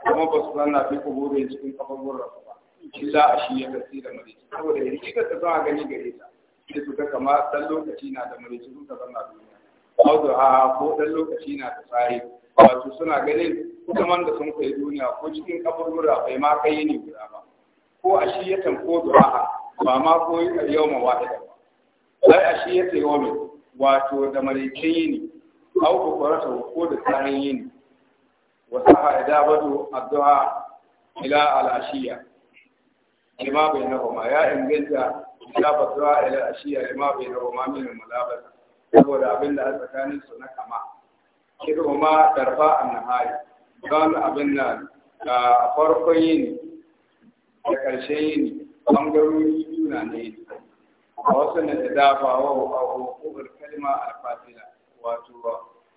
kuma ba su zanna fi kuburin cikin kafafuwar rasu ba za a shi ya kasi da marici saboda ya rikikar ta zama gani gare ta sai su ga kamar ɗan lokaci na da marici sun ka zanna duniya auto a ko ɗan lokaci na da tsari wato suna ganin zaman da sun kai duniya ko cikin kaburbura bai ma kai ne guda ba ko a shi ya tamko du'a ba ma ko yau ma wahida ba sai a shi ya tayo wato da marici yini, au ko ko da tsarin yini وصح إجابة الدعاء إلى العشية لما بينهما يا إن قلت إجابة الدعاء إلى العشية لما بينهما من الملابسة saboda abin da a tsakanin su na kama kiro ma tarfa an nahari don abin nan a farko yin da ƙarshe yin ɓangarori biyu ne a wasu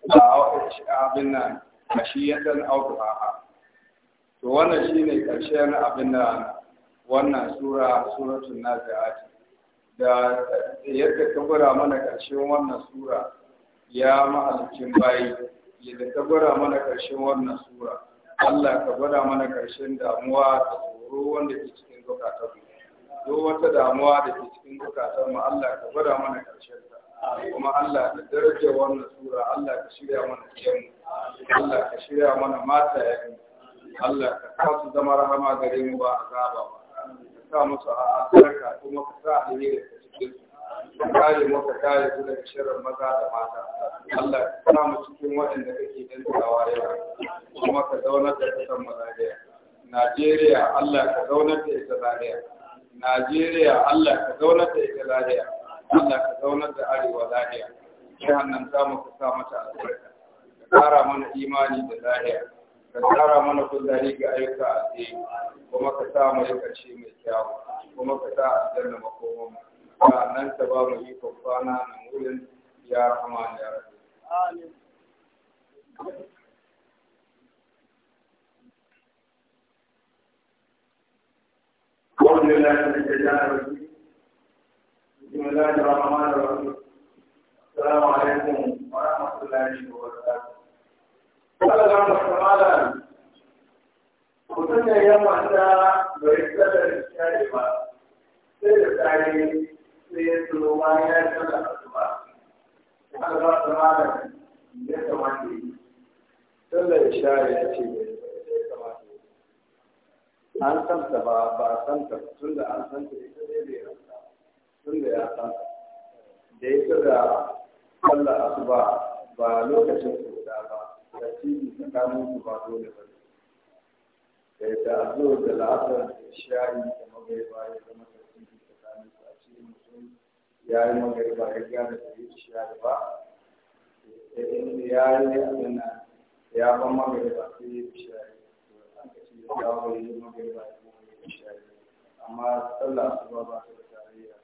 da wato abin ashiyatan aw duha to wannan shine karshen abin da wannan sura suratul nazi'at da yadda ka gura mana karshen wannan sura ya mahalicin bayi yadda ka gura mana karshen wannan sura Allah ka gwada mana karshen damuwa da tsoro wanda ke cikin zukatanmu duk wata damuwa da ke cikin mu Allah ka gwada mana karshen ta kuma Allah da darajar wannan sura Allah ka shirya mana kiyanmu Allah ka shirya mana mata ya Allah ka sa su zama rahama gare mu ba a ba ka sa musu a asarka kuma ka sa a yi cikin su ka kare mu ka kare su daga shirin maza da mata Allah ka sa mu cikin waɗanda kake dantawa yau kuma ka zaunar da kasan mu lafiya Najeriya Allah ka zaunar da ita lafiya Najeriya Allah ka zaunar da ita lafiya Allah ka zaunar da arewa lafiya jihar hannun za mu ka sa mata albarka tsara mana imani da lahiya ka tsara mana kuzari ga ayyuka a tsaye kuma ka sa mu yi mai kyawu kuma ka sa aljanna makomanmu nan ta ba mu yi kwana na wurin ya rahama ya rahama بسم الله الرحمن الرحيم Allah ga mu kamala bai ba sai da sai ya ya ya an santa ba ba santa tun da an santa ita ne bai ranta tun da ya santa da ita da kalla asuba ba lokacin tartibi tsakanin su ba dole ba ne da da zo da la'asar da shayi da magaiba ya zama tartibi tsakanin su a cikin mutum ya yi magaiba ya gyara da yi shayi ba inda ya yi ya magaiba yi shayi ya yi magaiba ya yi shayi amma su ba ba su da tarayya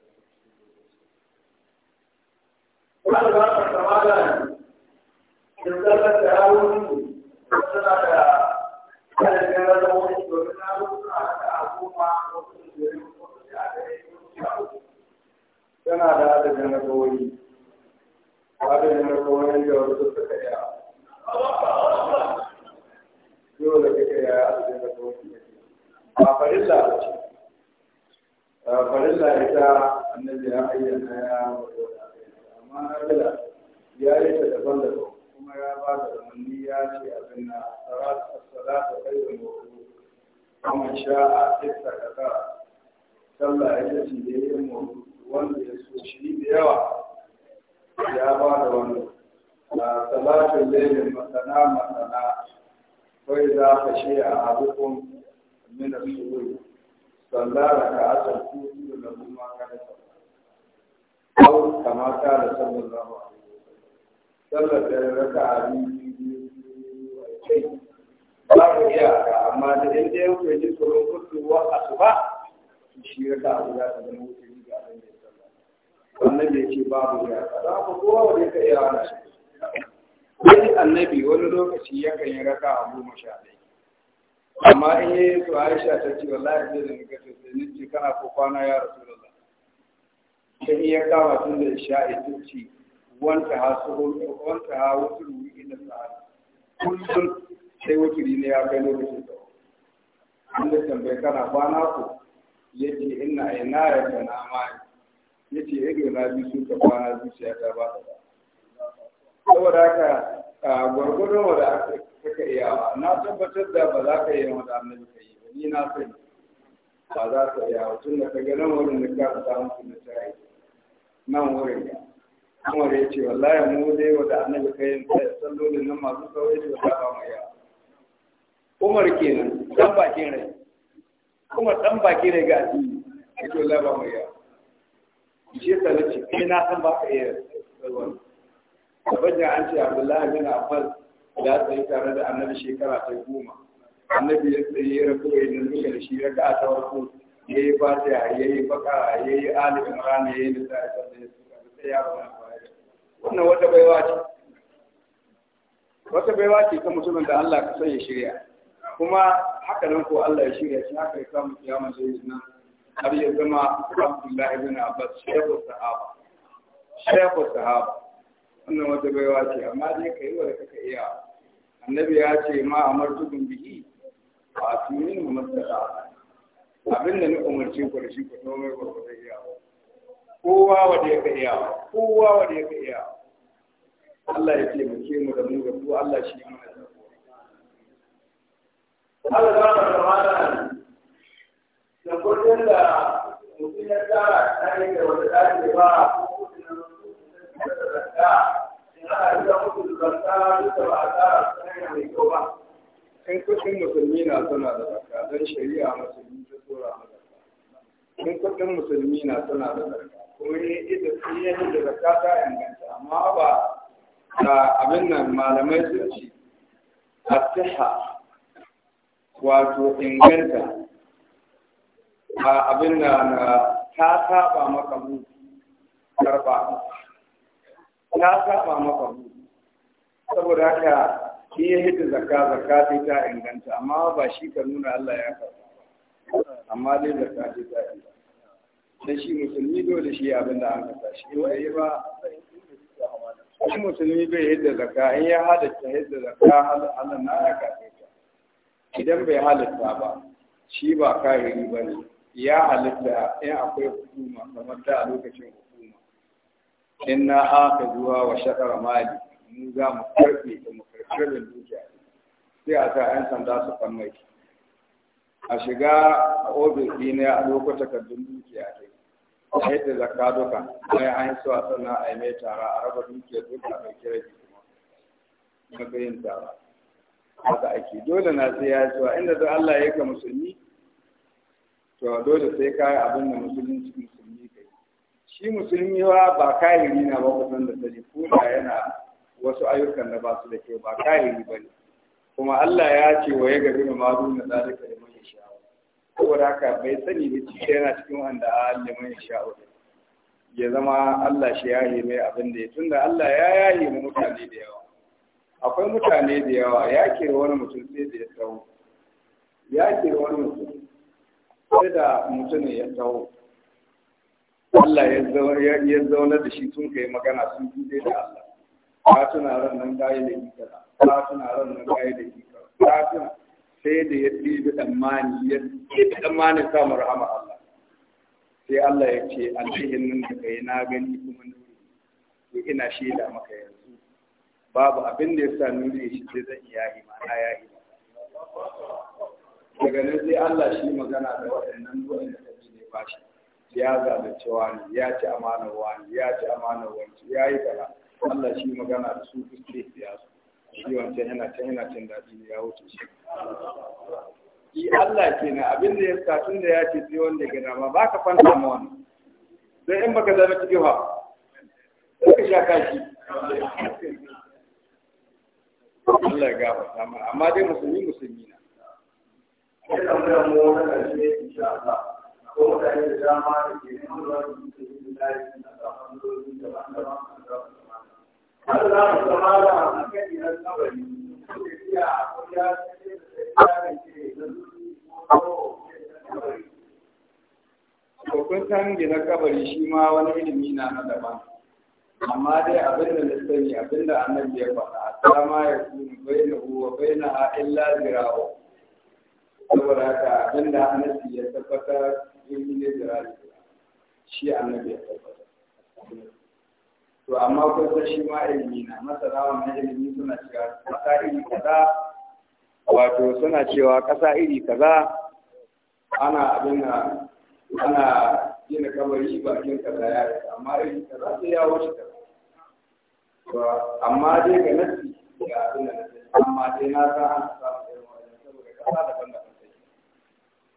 da ba ka Ya yi ta daban daban. kuma ya ba da umarni ya ce abin na salata kai da mako kuma sha a tista kaza sallah ya ce da ya yi wanda ya so shi da yawa ya ba da wani a salatun lele masana masana kai za ka shi a abubuwan min asubuhi sallah ka asal kudu da kuma kada sallah au kama kada sallallahu alaihi sallar da raka a biyu kai babu iyaka amma da ta da ya wannan da ce za ku ka iya shi annabi wani lokaci yakan yi raka a goma sha ɗaya amma in yi su aisha ta ce wallahi zai da nika ta sai nace kana ko kwana ya rasu da ta iya kama tun da isha'i ta ce wanta ha suhur wanta ha wutur inda sa'ad kullum sai wuturi ne ya kai lokacin da an da tambayi kana kwana ko yace ina ina ya na mai yace ido na bi su ta kwana zuciya ta ba ta saboda haka gwargwadon wanda aka kaka iya na tabbatar da ba za ka yi wanda annabi ka yi ba ni na sani ba za ka iya tun da ka ga nan wurin da ka samu kuma ta yi nan wurin ya Umar ya ce wallahi mu dai wa da annabi kai sallolin nan masu tsawo ya ce wallahi ba mu ya Umar kenan dan bakin rai Umar dan bakin rai ga addini ya ce wallahi ba mu ya shi yasa nace kai eh, na san ba ka iya Tabbajin an ce Abdullahi bin Abbas ya tsaye tare da annabi shekara ta goma. Annabi ya tsaye ya rabu ya nuna da shi ya ga ta farko ya yi fatiha ya yi baka ya yi alifin rana ya yi nisa ya tsaye ya rabu wannan wata baiwa ce wata baiwa ce ta mutumin da Allah ka sanya shirya kuma haka nan ko Allah ya shirya shi haka ya samu kiyama da yin nan har ya zama Abdullahi bin Abbas shehu sahaba shehu sahaba wannan wata baiwa ce amma dai kai wa da kaka iya annabi ya ce ma amartu bin bihi fa mu mamatta abin da ni umarci ku da shi ku to mai gurbatai iyawa kowa wanda ya iya kowa wanda ya iya Allah ya ce muke mu da mu da ku Allah shi mana da Allah ba ta kamata da kudin da mutum ya tsara ta yi da wata ba in kudin musulmi na suna da zakka don shari'a musulmi ta tsora masa in kudin musulmi na suna da zakka wuri ita sun yi da zakata inganta amma ba da abin nan malamai sun ce asiha wato inganta a abin na ta saba maka mu karba ta saba maka mu saboda haka shi ya hita zakka zakka sai ta inganta amma ba shi ka nuna Allah ya karba amma dai zakka ta inganta da shi musulmi dole shi abin da aka sa shi wai yi ba Wani musulmi bai yadda zaka in ya halatta yadda zaka halin na ya kafe ta idan bai halatta ba shi ba kayiri ba ne ya halitta in akwai hukuma kamar ta a lokacin hukuma in na aka zuwa wa shakar mali mu za mu karfe da mu karfe dukiya sai a sa 'yan sanda su kan mai a shiga a ofis ɗina a lokacin takardun dukiya ne. a yadda zakka duka bayan an so a sannan a yi mai tara a raba dukiyar duka mai kira ji kuma na bayin tara haka ake dole na sai ya so inda sai Allah ya ka musulmi to dole sai ka yi abin da musulunci musulmi ka yi shi musulmi wa ba kahiri na ba kusan da sani ko da yana wasu ayyukan da ba su da kyau ba kahiri ba ne kuma Allah ya ce wa ya gabi ma duna zalika saboda haka bai sani ba cikin yana cikin wanda aliman sha'u ya zama Allah shi ya yi mai abin da ya tunda Allah ya yayi mu mutane da yawa akwai mutane da yawa ya kira wani mutum sai da ya tsawo ya kira wani mutum sai da mutum ya tsawo Allah ya zauna da shi sun kai magana sun fi da Allah ka tuna ran nan kayi da hikara ka tuna ran nan kayi da hikara ka tuna sai da ya da tsammani ya da tsammanin samun rahama Allah sai Allah ya ce alhihin nan da kai na gani kuma nuri ya ina shaida maka yanzu babu abin da ya sa nuri shi sai zan iya yi ma'ana ya yi daga nan sai Allah shi magana da waɗannan duwan da kaji ne ba shi ya cewa ne ya ci amanar wani ya ci amanar wani ya yi kaza Allah shi magana da su fuske siyasa. shi wancan yana can yana cin daɗi ne ya wuce shi shi Allah na abin da ya sa tun da ya ce sai wanda ya gada ma ba ka fanta ma wani sai in baka zama cikin ha sai ka sha kashi Allah ya gafarta mana amma dai musulmi musulmi na kuma da mu wannan dama da ke neman ruwa da suke yin da da da da da da da Allah ta mala a kan ke gina kabari shi ma wani ilimi na na daban amma dai abin da sani abin da annabi ya faɗa A ma ya kuma bai na huwa bai na ha illa saboda haka abin da annabi ya tabbatar yin ne zirawo shi annabi ya tabbatar to amma kusa shi ma ilimi na masana wannan ilimi suna cewa ƙasa iri kaza wato suna cewa ƙasa iri kaza ana abin ana gina shi bakin kaza ya yi amma iri kaza sai ya wuce kaza to amma dai ga nasi ga abin da amma dai na san an samu irin wannan saboda ƙasa daban-daban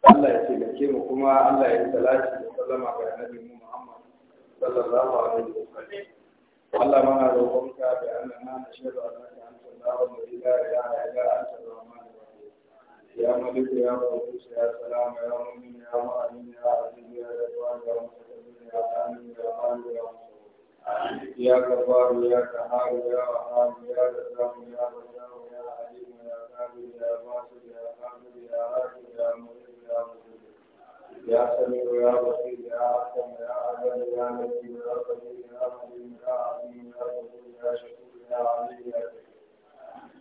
Allah ya ce da ke mu kuma Allah ya yi salati da sallama ga Annabi Muhammad sallallahu alaihi wa sallam Allah mana roƙonka da annana na shaɗu annaka an sallawa da ya ila an sallawa ma da wani ya maliku ya mawuce ya salama ya mumin ya ma'amin ya aziz ya rabuwan ya musulmi ya amin ya malu ya musulmi ya gabaru ya kaharu ya wahabu ya razamu ya bazamu ya alimu ya kabir ya basir ya hamid ya rafi ya mulim ya mulim ya samiru ya basir ya hakam ya adal ya ya ya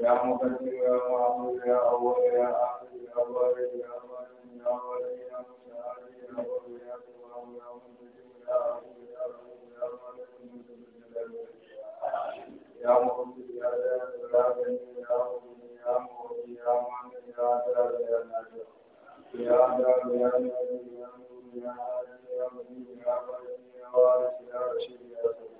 يا مقدم يا معبود يا أول يا آخر يا بارئ يا مالك يا ولي يا متعالي يا رب يا سلام يا منتجم يا عبد يا رب يا مالك يا مقدم يا دار يا غني يا مغني يا مغني يا مالك يا دار يا ناجح يا دار يا ناجح يا نور يا عالم يا مجيد يا بارئ يا وارث يا رشيد يا سلام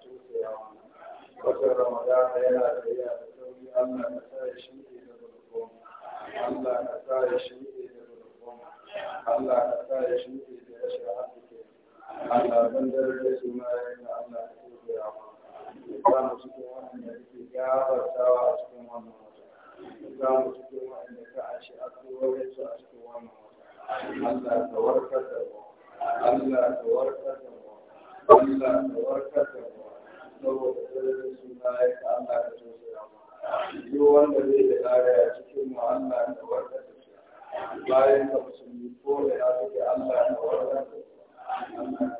watan ramadana yana tafiya da sauri allah ka sa ya shuɗe da zurfin allah ka sa ya shuɗe da zurfin allah ka sa ya shuɗe da rashin arziki allah ban darajar su ma yana allah ka tuɓe a ba mu cikin waɗanda ke gabartawa a cikin wannan wata za mu cikin waɗanda ka ashe a tsohon su a cikin wannan wata allah ka warkar da mu allah ka warkar da mu allah ka warkar da mu saboda sirrin suna ya da tausaya mu duk wanda da ƙara cikin mu Allah da warka da musulmi ko ya suke Allah da warka